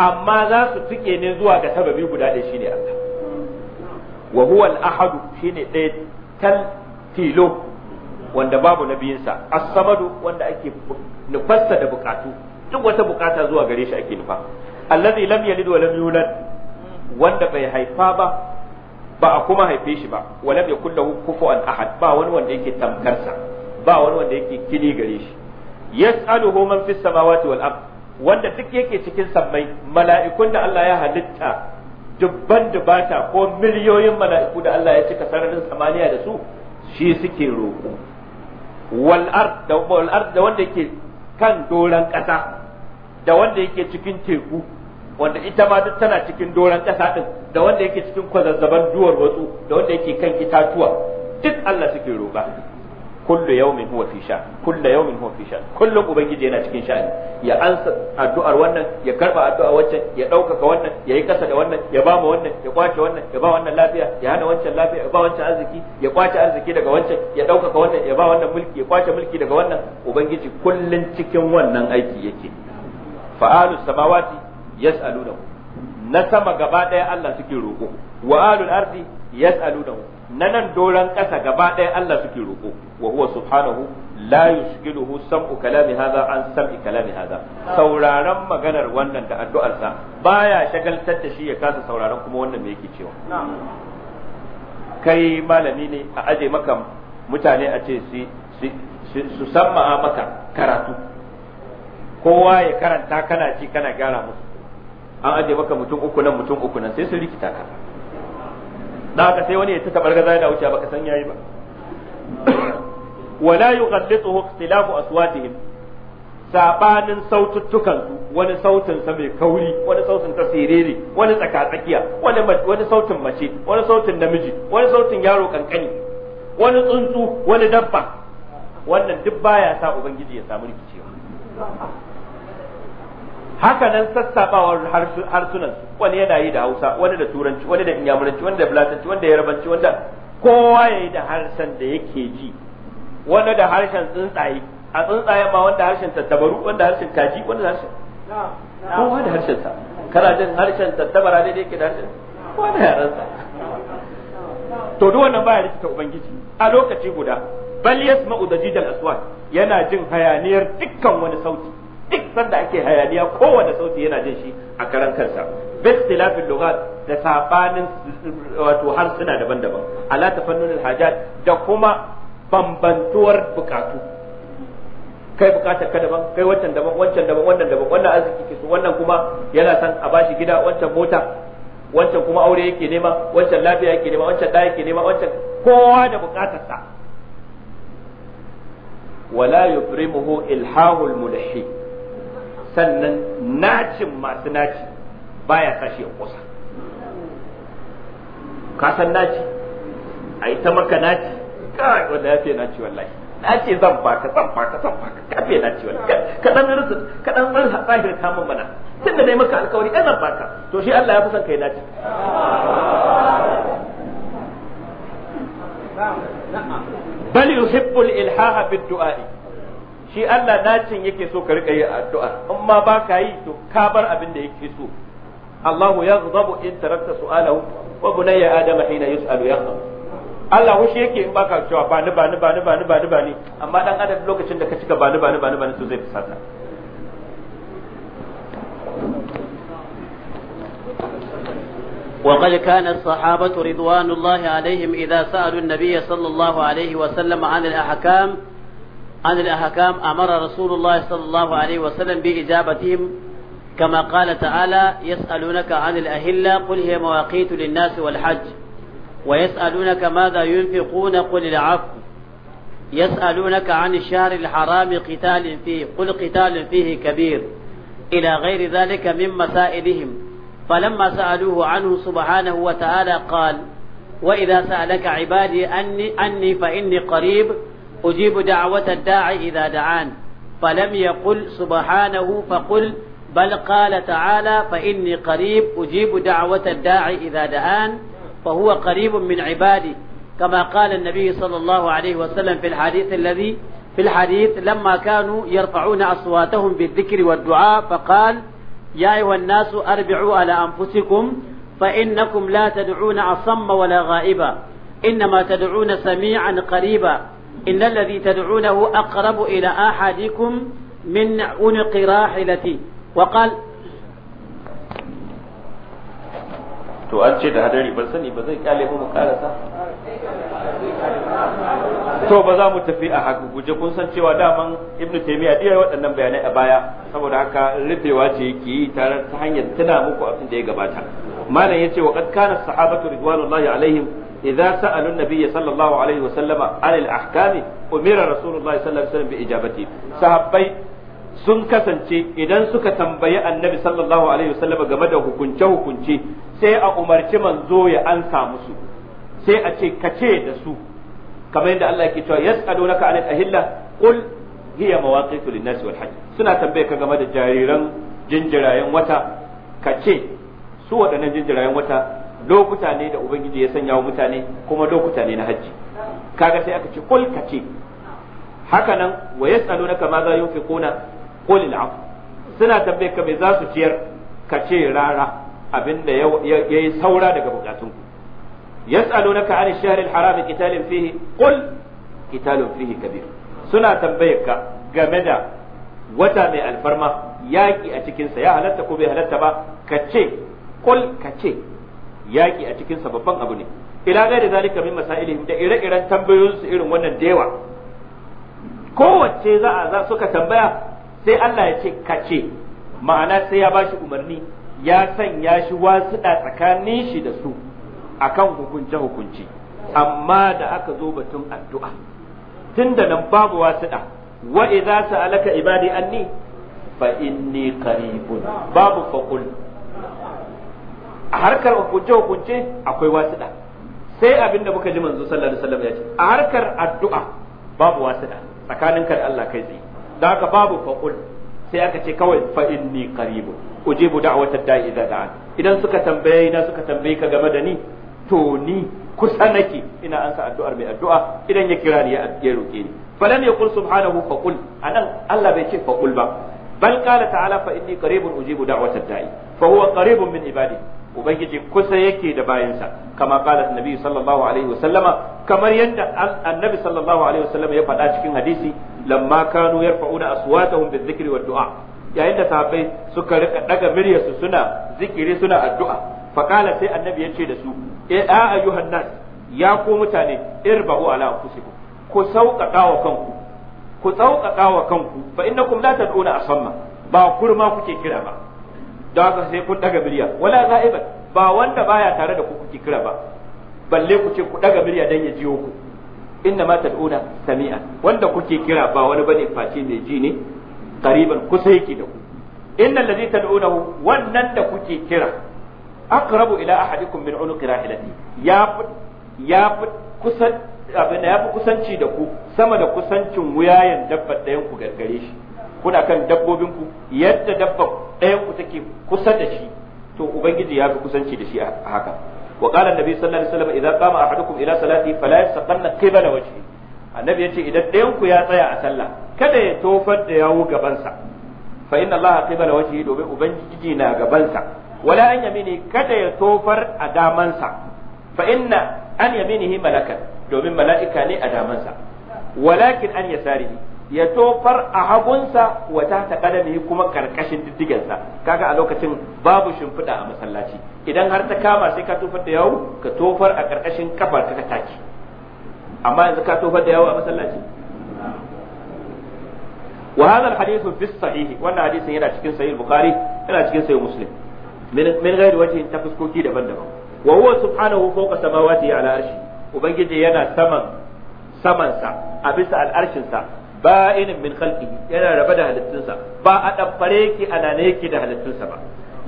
amma za su tike ne zuwa ga sababi guda ɗaya shine Allah wa huwa al-ahad shine ɗaya tal tilo wanda babu nabiyinsa as-samadu wanda ake nufarsa da bukatu duk wata bukata zuwa gare shi ake nufa allazi lam yalid wa lam yulad wanda bai haifa ba ba a kuma haife shi ba wa lam yakul lahu kufuwan ahad ba wani wanda yake tamkarsa ba wani wanda yake kini gare shi yas'aluhu man fis samawati wal ard wanda duk yake cikin sammai mala'ikun da Allah ya halitta dubban dubata ko miliyoyin mala'iku da Allah ya cika sararin samaniya da su shi suke roƙo wal ard da wal ard da wanda yake kan doran ƙasa da wanda yake cikin teku wanda ita ma duk tana cikin doran ƙasa din da wanda yake cikin kwazazzaban duwar wasu da wanda yake kan itatuwa duk Allah suke roƙa kullu yawmin huwa fi sha kullu yawmin huwa fi sha kullum ubangiji yana cikin sha'ani ya ansa addu'ar wannan ya karba addu'a wancan ya ɗaukaka wannan ya yi kasa da wannan ya ba mu wannan ya kwace wannan ya ba wannan lafiya ya hana wancan lafiya ya ba wancan arziki ya kwace arziki daga wancan ya ɗaukaka wannan ya ba wannan mulki ya kwace mulki daga wannan ubangiji kullun cikin wannan aiki yake fa'alu samawati yas'alunahu na sama gaba ɗaya Allah suke roƙo wa alul ardi yas'alunahu na nan doran ƙasa gaba ɗaya Allah suke roƙo wa huwa subhanahu la yushkiluhu sam'u kalami hadha an sam'i kalami hadha sauraron maganar wannan da addu'arsa baya shagaltar da shi ya kasa sauraron kuma wannan me yake cewa kai malami ne a aje maka mutane a ce su samma maka karatu kowa ya karanta kana ci kana gyara musu an aje maka mutum uku nan mutum uku nan sai su rikita ka da haka sai wani ya ta tabar gaza da wuce baka san yayi ba wala yughallithu ikhtilafu aswatihim sabanin saututtukan wani sautin sa mai kauri wani sautin ta siriri wani tsakatsakiya wani wani sautin mace wani sautin namiji wani sautin yaro kankani wani tsuntsu wani dabba wannan duk baya sa ubangiji ya samu rikicewa haka nan sassabawar harsunan wani yana yi da Hausa wani da Turanci wani da Inyamuranci wani da Fulatanci wani da Yarbanci wanda kowa ya yi da harshen da yake ji wani da harshen tsuntsaye a tsuntsaye ma wanda harshen tattabaru wanda harshen kaji wanda harshen kowa da harshen sa kana jin harshen tattabara ne da yake da harshen kowa da yaran sa to duk wannan baya rikita ubangiji a lokaci guda bal yasma'u dajidal aswat yana jin hayaniyar dukkan wani sauti duk sanda ake hayaniya kowane sauti yana jin shi a karan kansa bi ikhtilafil lughat da sabanin wato harsuna daban-daban ala tafannunil hajat da kuma bambantuwar bukatu kai bukatar ka daban kai wancan daban wancan daban wannan daban wannan arziki ke so wannan kuma yana san a bashi gida wancan mota wancan kuma aure yake nema wancan lafiya yake nema wancan da yake nema wancan kowa da bukatarsa sa wala yufrimuhu ilhahul mulhi sannan nacin masu naci baya sa ya kosa ka san naci a yi ta maka naci kawai wanda ya fiye naci wallahi naci zan baka zan baka zan baka ka ce naci wallahi ka dan rinsa ka dan rinsa tsahir ta mun bana tunda dai maka alkawari ai zan baka to shi Allah ya fi son kai naci bal yuhibbul ilhaha bid dua'i. shi Allah nacin yake so ka rika yi addu'a in ma ba ka yi to ka bar abin da yake so Allahu yaghdabu in tarakta su'alahu wa bunayya hina yus'alu Allah yake in baka cewa ba ni ba ni ba ni ba ni ba ni ba ni amma dan adam lokacin da ka cika ba ni ba ni ba ni ba ni to zai وقد كان الصحابة رضوان الله عليهم إذا سألوا النبي صلى الله عليه وسلم عن الأحكام عن الأحكام أمر رسول الله صلى الله عليه وسلم بإجابتهم كما قال تعالى يسألونك عن الأهلة قل هي مواقيت للناس والحج ويسألونك ماذا ينفقون قل العفو يسألونك عن الشهر الحرام قتال فيه قل قتال فيه كبير إلى غير ذلك من مسائلهم فلما سألوه عنه سبحانه وتعالى قال وإذا سألك عبادي أني, أني فإني قريب أجيب دعوة الداعي إذا دعان فلم يقل سبحانه فقل بل قال تعالى فإني قريب أجيب دعوة الداعي إذا دعان فهو قريب من عبادي كما قال النبي صلى الله عليه وسلم في الحديث الذي في الحديث لما كانوا يرفعون أصواتهم بالذكر والدعاء فقال يا أيها الناس أربعوا على أنفسكم فإنكم لا تدعون أصم ولا غائبا إنما تدعون سميعا قريبا إن الذي تدعونه أقرب إلى أحدكم من عنق راحلتي وقال to an ce da hadari ban sani ba zai kyale mu karasa to ba za mu tafi a haka guje kun san cewa daman ibnu taymiya iya waɗannan bayanai a baya saboda haka rufewa ce yake yi tare ta hanyar tana muku abin da ya gabata malam yace wa qad kana sahabatu ridwanullahi alaihim idza sa'alu an-nabiyya sallallahu alaihi wa sallama anil ahkami umira rasulullahi sallallahu alaihi wasallam bi ijabati sahabbai sun kasance idan suka tambayi annabi sallallahu alaihi wasallam game da hukunce hukunce sai a umarci manzo ya ansa musu sai a ce kace da su kamar yadda Allah yake cewa yas'alunaka anil ahilla qul hiya mawaqitu lin-nasi wal hajj suna tambaye ka game da jariran jinjirayen wata kace su waɗannan jinjirayen wata lokuta ne da ubangiji ya sanya wa mutane kuma lokuta ne na hajji kaga sai aka ce kul ka ce haka nan wa yas'alunaka ma za yunfiquna qul al'af suna tambaye ka me za su ciyar ka ce rara abinda yayi saura daga bukatun ku yas'alunaka 'ani ash-shahri al-haram kitalin fihi kul kitalin fihi kabir suna tambayar ka game da wata mai alfarma yaki a cikinsa ya halatta ko bai halatta ba ka ce kul ka ce Yaƙi a cikin babban abu ne ila da zalika min masailihim da ire-iren tambayoyinsu irin wannan da yawa kowace za a za suka tambaya sai Allah ya ce kace ma'ana sai ya bashi umarni ya sanya shi wasu da tsakanin shi da su akan hukunce hukunci amma da aka zo batun addu'a tunda nan babu wasu da wa idza sa'alaka ibadi anni fa inni qaribun babu faqul a harkar hukunce hukunce akwai wasiɗa sai abin da muka ji manzo sallallahu alaihi wasallam ya ce a harkar addu'a babu wasiɗa tsakaninka da Allah kai tsaye da haka babu faqul sai aka ce kawai fa inni qaribun ujibu da'wata da'i idza da'an idan suka tambaye na suka tambaye ka game da ni to ni kusa nake ina ansa addu'ar mai addu'a idan ya kira ni ya roke ni falan yaqul subhanahu faqul anan Allah bai ce faqul ba bal qala ta'ala fa inni qaribun ujibu da'wata da'i fa huwa qaribun min ibadihi ubangiji kusa yake da bayansa kama kala annabi sallallahu alaihi wasallama kamar yadda annabi sallallahu alaihi wasallama ya faɗa cikin hadisi lamma kanu yarfa'una aswatahum bizikri waddu'a du'a yayin da sahabbai suka rika daga miryarsu suna zikiri suna addu'a faqala sai annabi yace da su e, a ayyuhan nas ya ku mutane irba'u ala anfusikum ku sauƙaƙa wa kanku ku sauƙaƙa wa kanku fa innakum la tad'una asamma ba kurma kuke kira ba don haka sai kun daga murya wala za'iban ba wanda baya tare da ku kuke kira ba balle ku ce ku daga murya dan ya jiyo ku inna ma tad'una sami'a wanda kuke kira ba wani bane face mai ji ne qariban kusa yake da ku innal ladhi tad'unahu wannan da kuke kira aqrabu ila ahadikum min unuqi rahilati ya ya kusan abin ya fi kusanci da ku sama da kusancin wuyayen dabbar ɗayan ku gargare shi kuna kan dabbobinku yadda dabba ɗayan ku take kusa da shi to ubangiji ya fi kusanci da shi a haka wa qala annabi sallallahu alaihi wasallam idza qama ahadukum ila salati fala yasaqanna qibla wajhi annabi yace idan ɗayan ku ya tsaya a sallah kada ya tofar da yawo gabansa fa inna allaha qibla wajhi domin ubangiji na gabansa wala an yamini kada ya tofar a damansa fa inna an yaminihi malakan domin mala'ika ne a damansa walakin an yasarihi ya tofar a hagunsa wa ta ta kadamihi kuma karkashin diddigensa kaga a lokacin babu shimfiɗa a masallaci idan har ta kama sai ka tofar da yawo ka tofar a karkashin kafar ka taki amma yanzu ka tofar da yawo a masallaci wa hadha alhadith fi sahih wannan hadisin yana cikin sahih bukhari yana cikin sahih muslim min min ghairi wajhin ta fuskoki daban-daban wa huwa subhanahu fawqa samawati ala arshi ubangiji yana saman samansa a bisa al'arshinsa ba'inin min khalqihi yana raba da halittunsa ba a dabbare yake anane yake da halittunsa ba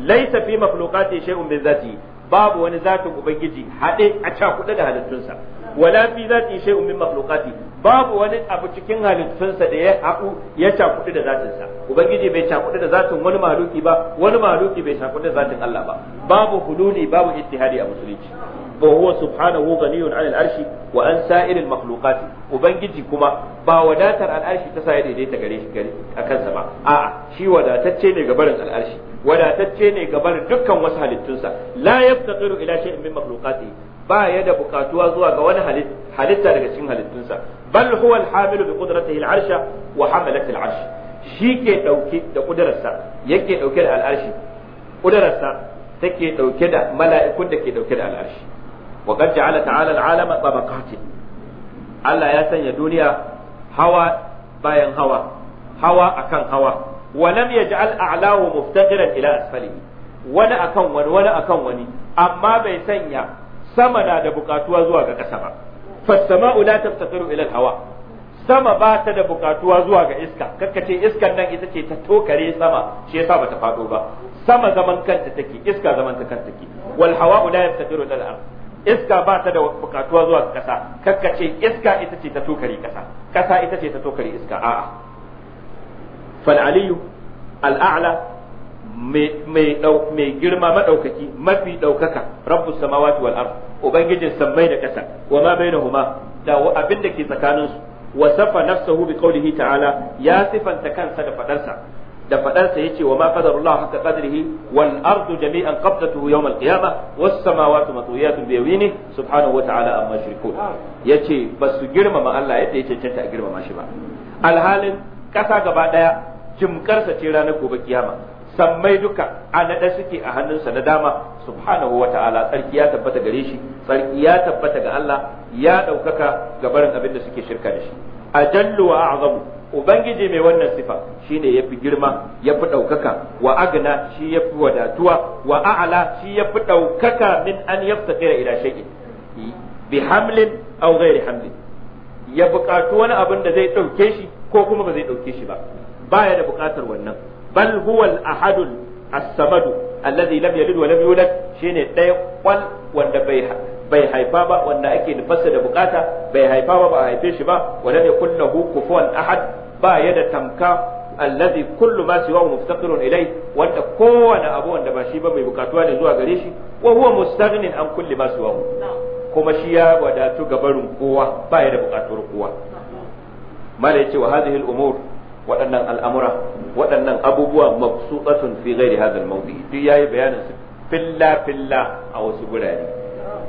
laisa fi makhluqati shay'un bi zati babu wani zatin ubangiji hade a cakuɗe da halittunsa wala fi zati shay'un min makhluqati babu wani abu cikin halittunsa da ya haɗu ya cakuɗu da zatinsa ubangiji bai cakuɗu da zatin wani mahaluki ba wani mahaluki bai cakuɗu da zatin Allah ba babu hululi babu ittihadi a musulunci fa huwa subhanahu ghaniyun 'anil arshi wa an sa'iril makhluqat ubangiji kuma ba wadatar al'arshi ta sa ya daidaita gare shi gare a kansa ba a'a shi wadatacce ne ga barin wadatacce ne ga dukkan wasu halittunsa la yaftaqiru ila shay'in min makhluqatihi ba ya da bukatuwa zuwa ga wani halitta daga cikin halittunsa bal huwa al-hamilu bi qudratihi al shi ke dauke da kudararsa yake dauke da al kudararsa take dauke da mala'ikun da ke dauke da al'arshi. wa qad ja'ala ta'ala al'alama tabaqatin Allah ya sanya duniya hawa bayan hawa hawa akan hawa wa lam yaj'al a'lahu muftaqiran ila asfalihi wani akan wani wani akan wani amma bai sanya sama na da bukatuwa zuwa ga ƙasa ba fassama'u la taftaqiru ila hawa sama ba ta da bukatuwa zuwa ga iska Karkace iskan nan ita ce ta tokare sama shi yasa bata fado ba sama zaman kanta take iska zaman ta kanta take wal hawa'u la yaftaqiru ila al-ard iska ba ta da bukatuwa zuwa ƙasa, kasa kakkace iska ita ce ta tokari kasa kasa ita ce ta tokari iska a'a fal aliyu al a'la mai mai girma madaukaki mafi daukaka rabbus samawati wal ard ubangijin sammai da kasa wa ma bainahuma da abin da ke tsakaninsu wa safa nafsuhu bi qawlihi ta'ala ya sifanta kansa da fadarsa da fadarsa yace wa ma Allah haqqa qadrihi wal ardu jami'an qabdatuhu yawm al qiyamah was samawati matwiyatun bi yamini subhanahu wa ta'ala amma yushrikun yace basu girmama Allah yadda ya cancanta a girmama shi ba alhalin kasa gaba daya jimkarsa ce ranar gobe kiyama sammai duka a naɗa suke a hannunsa na dama subhanahu wa ta'ala tsarki ya tabbata gare shi tsarki ya tabbata ga Allah ya ɗaukaka ga abin da suke shirka da shi ajallu wa a'zamu ubangiji mai wannan sifa shine yafi girma yafi ɗaukaka wa agna shi yafi wadatuwa wa a'ala shi yafi ɗaukaka min an yaftaqira ila shay'in bi hamlin aw hamlin ya buƙatu wani abin da zai ɗauke shi ko kuma ba zai ɗauke shi ba baya da buƙatar wannan bal huwa al-ahadul as-samadu alladhi lam yalid wa lam yulad shine ɗaya kwal wanda bai bai haifa ba wanda ake nufarsa da bukata bai haifa ba ba a haife shi ba wala ne kullahu kufuwan ahad ba ya da tamka allazi kullu ma siwahu muftaqirun ilai wanda kowane abu wanda ba shi ba mai bukatuwa ne zuwa gare shi wa huwa mustaghnin an kulli ma siwahu kuma shi ya wadatu gabarin kowa ba ya da bukatuwar kowa mala yace wa hadhihi al-umur waɗannan al'amura waɗannan abubuwa mabsutatun fi ghairi hadha al duk ya yi bayanin su filla filla a wasu gurare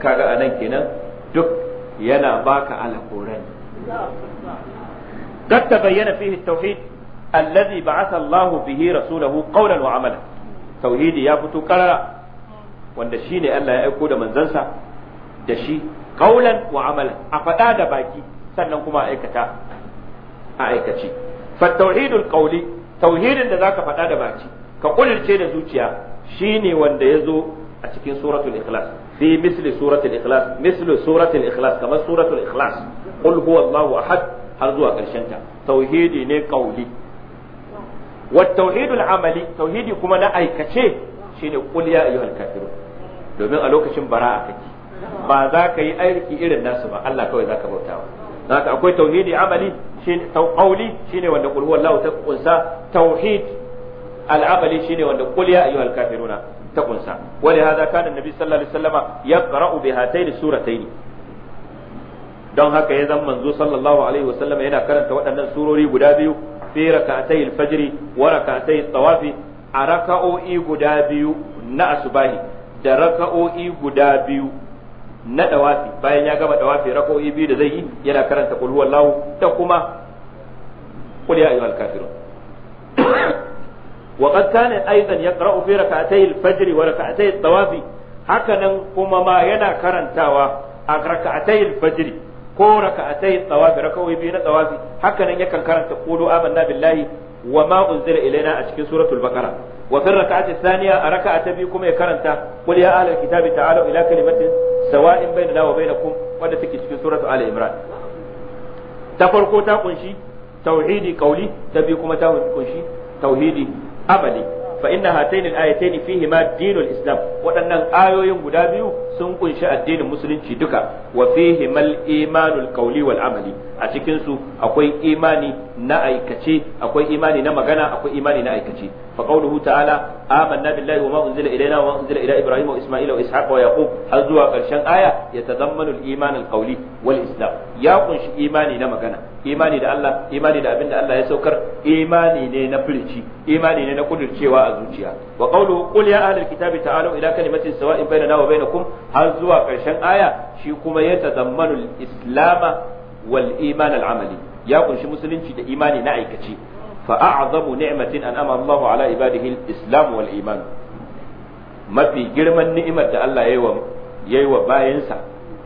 kaga anan kenan duk yana baka ala koran قد تبين فيه التوحيد الذي بعث الله به رسوله قولا وعملا توحيدي يا فتو قرر wanda shi ne Allah ya aiko da manzansa da shi kaulan wa amalan a faɗa da baki sannan kuma a aikata a aikaci fa tauhidin da zaka faɗa da baki ka da zuciya shine wanda ya zo a cikin suratul ikhlas fi misli suratul ikhlas misli suratul ikhlas kamar suratul ikhlas qul huwallahu ahad har zuwa karshen ta tauhidi ne qauli wa tauhidul amali tauhidi kuma na aikace shine qul ya ayyuhal kafirun domin a lokacin bara'a kake ba za ka yi aiki irin nasu ba Allah kawai za ka bauta ba za ka akwai tauhidi amali shine qauli shine wanda qul huwallahu ta kunsa tauhid al'amali shine wanda qul ya ayyuhal kafiruna ta kunsa wani hada kana nabi sallallahu alaihi wasallama yaqra'u bi hatayn suratayn don haka ya zama manzo sallallahu alaihi wasallam yana karanta waɗannan surori guda biyu fi rak'atay al-fajr wa rak'atay tawafi a raka'o'i guda biyu na asubahi da raka'o'i guda biyu na dawafi bayan ya gama dawafi raka'o'i biyu da zai yi yana karanta qul huwallahu da kuma qul ya ayyuhal kafirun وقد كان أيضا يقرأ في ركعتي الفجر وركعتي الطواف هكذا كما ما ينا كرنتاوا ركعتي الفجر ko raka'atai tawafi raka'o'i biyu na tawafi haka nan yakan karanta qulu amanna billahi wa ma unzila ilaina a cikin suratul baqara wa fi raka'ati thaniya a raka'ata biyu kuma ya karanta qul ya ahlal kitabi ta'alu ila kalimatin sawa'in bainana wa bainakum wanda take cikin suratul ali imran ta farko ta kunshi tauhidi kauli ta biyu kuma ta kunshi tauhidi amali fa inna hatayn al-ayatayn fihima dinul islam waɗannan ayoyin guda biyu sun kunshi addinin musulunci duka wa fihima al-imanul qawli wal amali a cikin su akwai imani na aikace akwai imani na magana akwai imani na aikace fa qawluhu ta'ala amanna billahi wa ma unzila ilayna wa unzila ila Ibrahim wa isma'ila wa ishaqa wa yaqub har zuwa karshen aya ya al-iman al-qawli wal islam ya kunshi imani na magana imani da Allah imani da abinda Allah ya saukar imani ne na firici imani ne na kudircewa a zuciya wa qawlu qul ya ahlal kitabi ta'alu ila kalimatin sawa'in bainana wa bainakum har zuwa karshen aya shi kuma ya tazammanu al-islam wal iman al-amali ya kunshi musulunci da imani na aikace fa a'zamu ni'matin an'ama Allahu ala ibadihi al-islam wal iman mafi girman ni'imar da Allah ya yi wa bayansa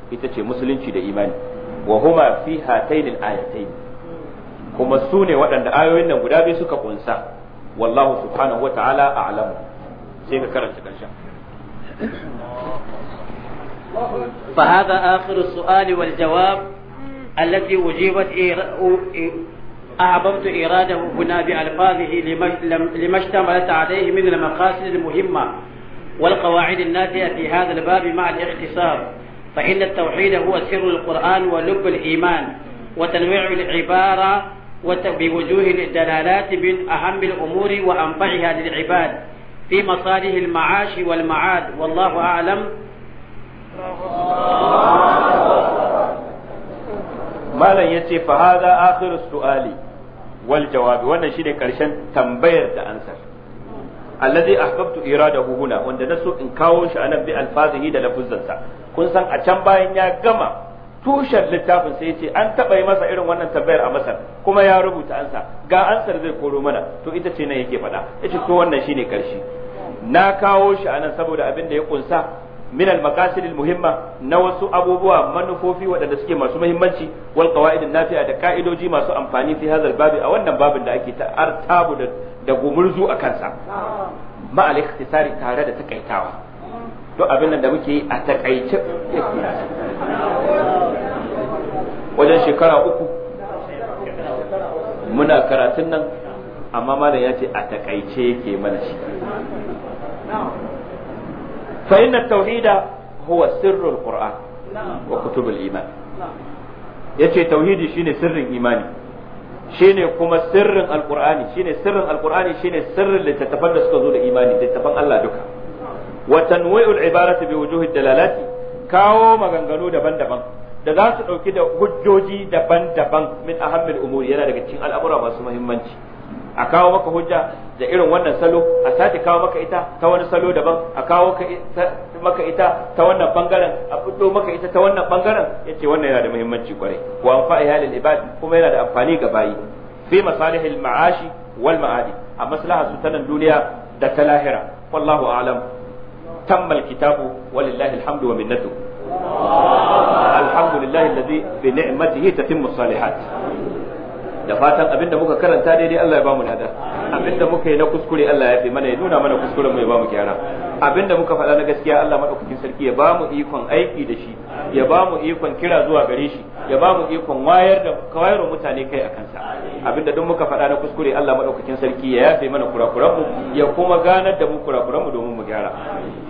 ita ce musulunci da imani wa huma fi hatayn al-ayatayn kuma su ne waɗanda ayoyin nan guda biyu suka kunsa wallahu subhanahu wa ta'ala a'lamu sai ka karanta karshen فهذا آخر السؤال والجواب الذي وجيبت أعظمت إراده هنا بألفاظه لما اشتملت عليه من المقاصد المهمة والقواعد الناتئة في هذا الباب مع الاختصار فإن التوحيد هو سر القرآن ولب الإيمان وتنويع العبارة بوجوه الدلالات من أهم الأمور وأنفعها للعباد في مصالح المعاش والمعاد والله أعلم malam ya ce fa hada akhirus su'ali wal jawabi wannan shine karshen tambayar da ansar allazi ahbabtu iradahu huna wanda na so in kawo shi anan bi alfazihi da lafuzzansa kun san a can bayan ya gama tushen littafin sai yace an taba yi masa irin wannan tambayar a Masar kuma ya rubuta ansa ga ansar zai koro mana to ita ce nan yake faɗa yace to wannan shine karshe na kawo shi anan saboda abin da ya kunsa min al-maqasid al-muhimma na wasu abubuwa manufofi waɗanda suke masu muhimmanci wal qawaid an-nafi'a da ka'idoji masu amfani fi hadha babi a wannan babin da ake ta artabu da da gumurzu a kansa ma'al ikhtisari tare da takaitawa to abin da muke yi a takaice wajen shekara uku muna karatun nan amma malam ya ce a takaice yake mana shi fa inna tauhida huwa sirrul qur'an wa kutubul iman yace tauhidi shine sirrin imani shine kuma sirrin alqur'ani shine sirrin alqur'ani shine sirrin littattafan da suka zo da imani littattafan Allah duka wa tanwi'ul ibarati bi wujuhid dalalati kawo maganganu daban-daban da za su dauki da hujjoji daban-daban min ahammil umuri yana daga cikin al'amura masu muhimmanci a kawo maka hujja da irin wannan salo a sake kawo maka ita ta wani salo daban a kawo maka ita ta wannan bangaren a fito maka ita ta wannan bangaren yace wannan yana da muhimmanci kwarai wa anfa'iha lil ibad kuma yana da amfani ga bayi fi masalihil ma'ashi wal ma'adi a maslaha su ta nan duniya da ta lahira wallahu a'lam tammal kitabu walillahi alhamdu wa minnatu alhamdulillahi alladhi bi ni'matihi tatimmu salihat da fatan abinda muka karanta daidai Allah ya bamu nada abinda muka yi na kuskure Allah ya fi mana ya nuna mana kuskuren mu ya bamu gyara Abin da muka faɗa na gaskiya Allah madaukakin sarki ya ba mu ikon aiki da shi ya ba mu ikon kira zuwa gare shi ya ba mu ikon wayar da kawayar mutane kai a kansa abinda duk muka faɗa na kuskure Allah madaukakin sarki ya yafe mana kurakuran mu ya kuma ganar da mu kurakuran mu domin mu gyara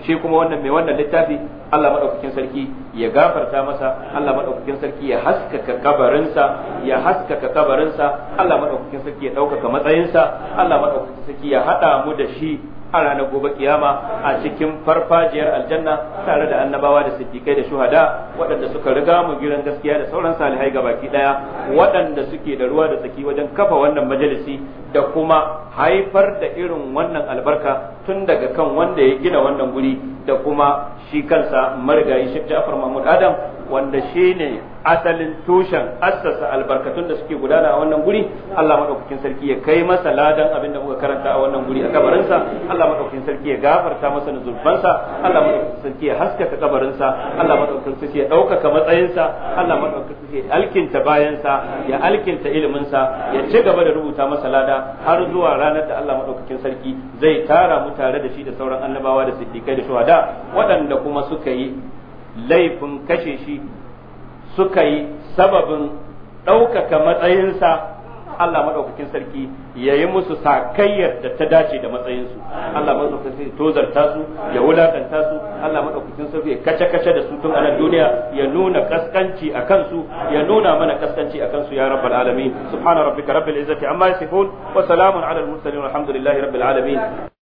shi kuma wannan mai wannan littafi Allah madaukakin sarki ya gafarta masa Allah madaukakin sarki ya haskaka kabarinsa ya haskaka kabarinsa Allah madaukakin sarki ya ɗaukaka matsayinsa Allah madaukakin sarki ya haɗa mu da shi a ranar gobe kiyama a cikin farfajiyar aljanna tare da annabawa da siddiƙai da shuhada waɗanda suka riga mu giran gaskiya da sauran salihai ga baki ɗaya waɗanda suke da ruwa da tsaki wajen kafa wannan majalisi da kuma haifar da irin wannan albarka tun daga kan wanda ya gina wannan guri da kuma shi kansa marigayi shi Ja'far Mahmud Adam wanda shi ne asalin tushen assasa albarkatun da suke gudana a wannan guri Allah maɗaukakin sarki ya kai masa ladan abin da muka karanta a wannan guri a kabarinsa Allah maɗaukakin sarki ya gafarta masa zurfansa Allah maɗaukakin sarki ya haskaka kabarinsa Allah maɗaukakin sarki ya ɗaukaka matsayinsa Allah maɗaukakin sarki ya alkinta bayansa ya alkinta iliminsa ya ci gaba da rubuta masa lada har zuwa ranar da Allah maɗaukakin sarki zai tara mu tare da shi da sauran annabawa da siddiƙai da shuhada waɗanda kuma suka yi laifin kashe shi suka yi sababin ɗaukaka matsayinsa Allah maɗaukakin sarki ya yi musu sakayyar da ta dace da matsayinsu Allah maɗaukakin sarki tozarta su ya wulakanta su Allah maɗaukakin sarki ya kace-kace da su tun a duniya ya nuna kaskanci a kansu ya nuna mana kaskanci a kansu ya rabbal alamin subhana rabbika rabbil izzati amma yasifun wa salamun ala al mursalin walhamdulillahi rabbil alamin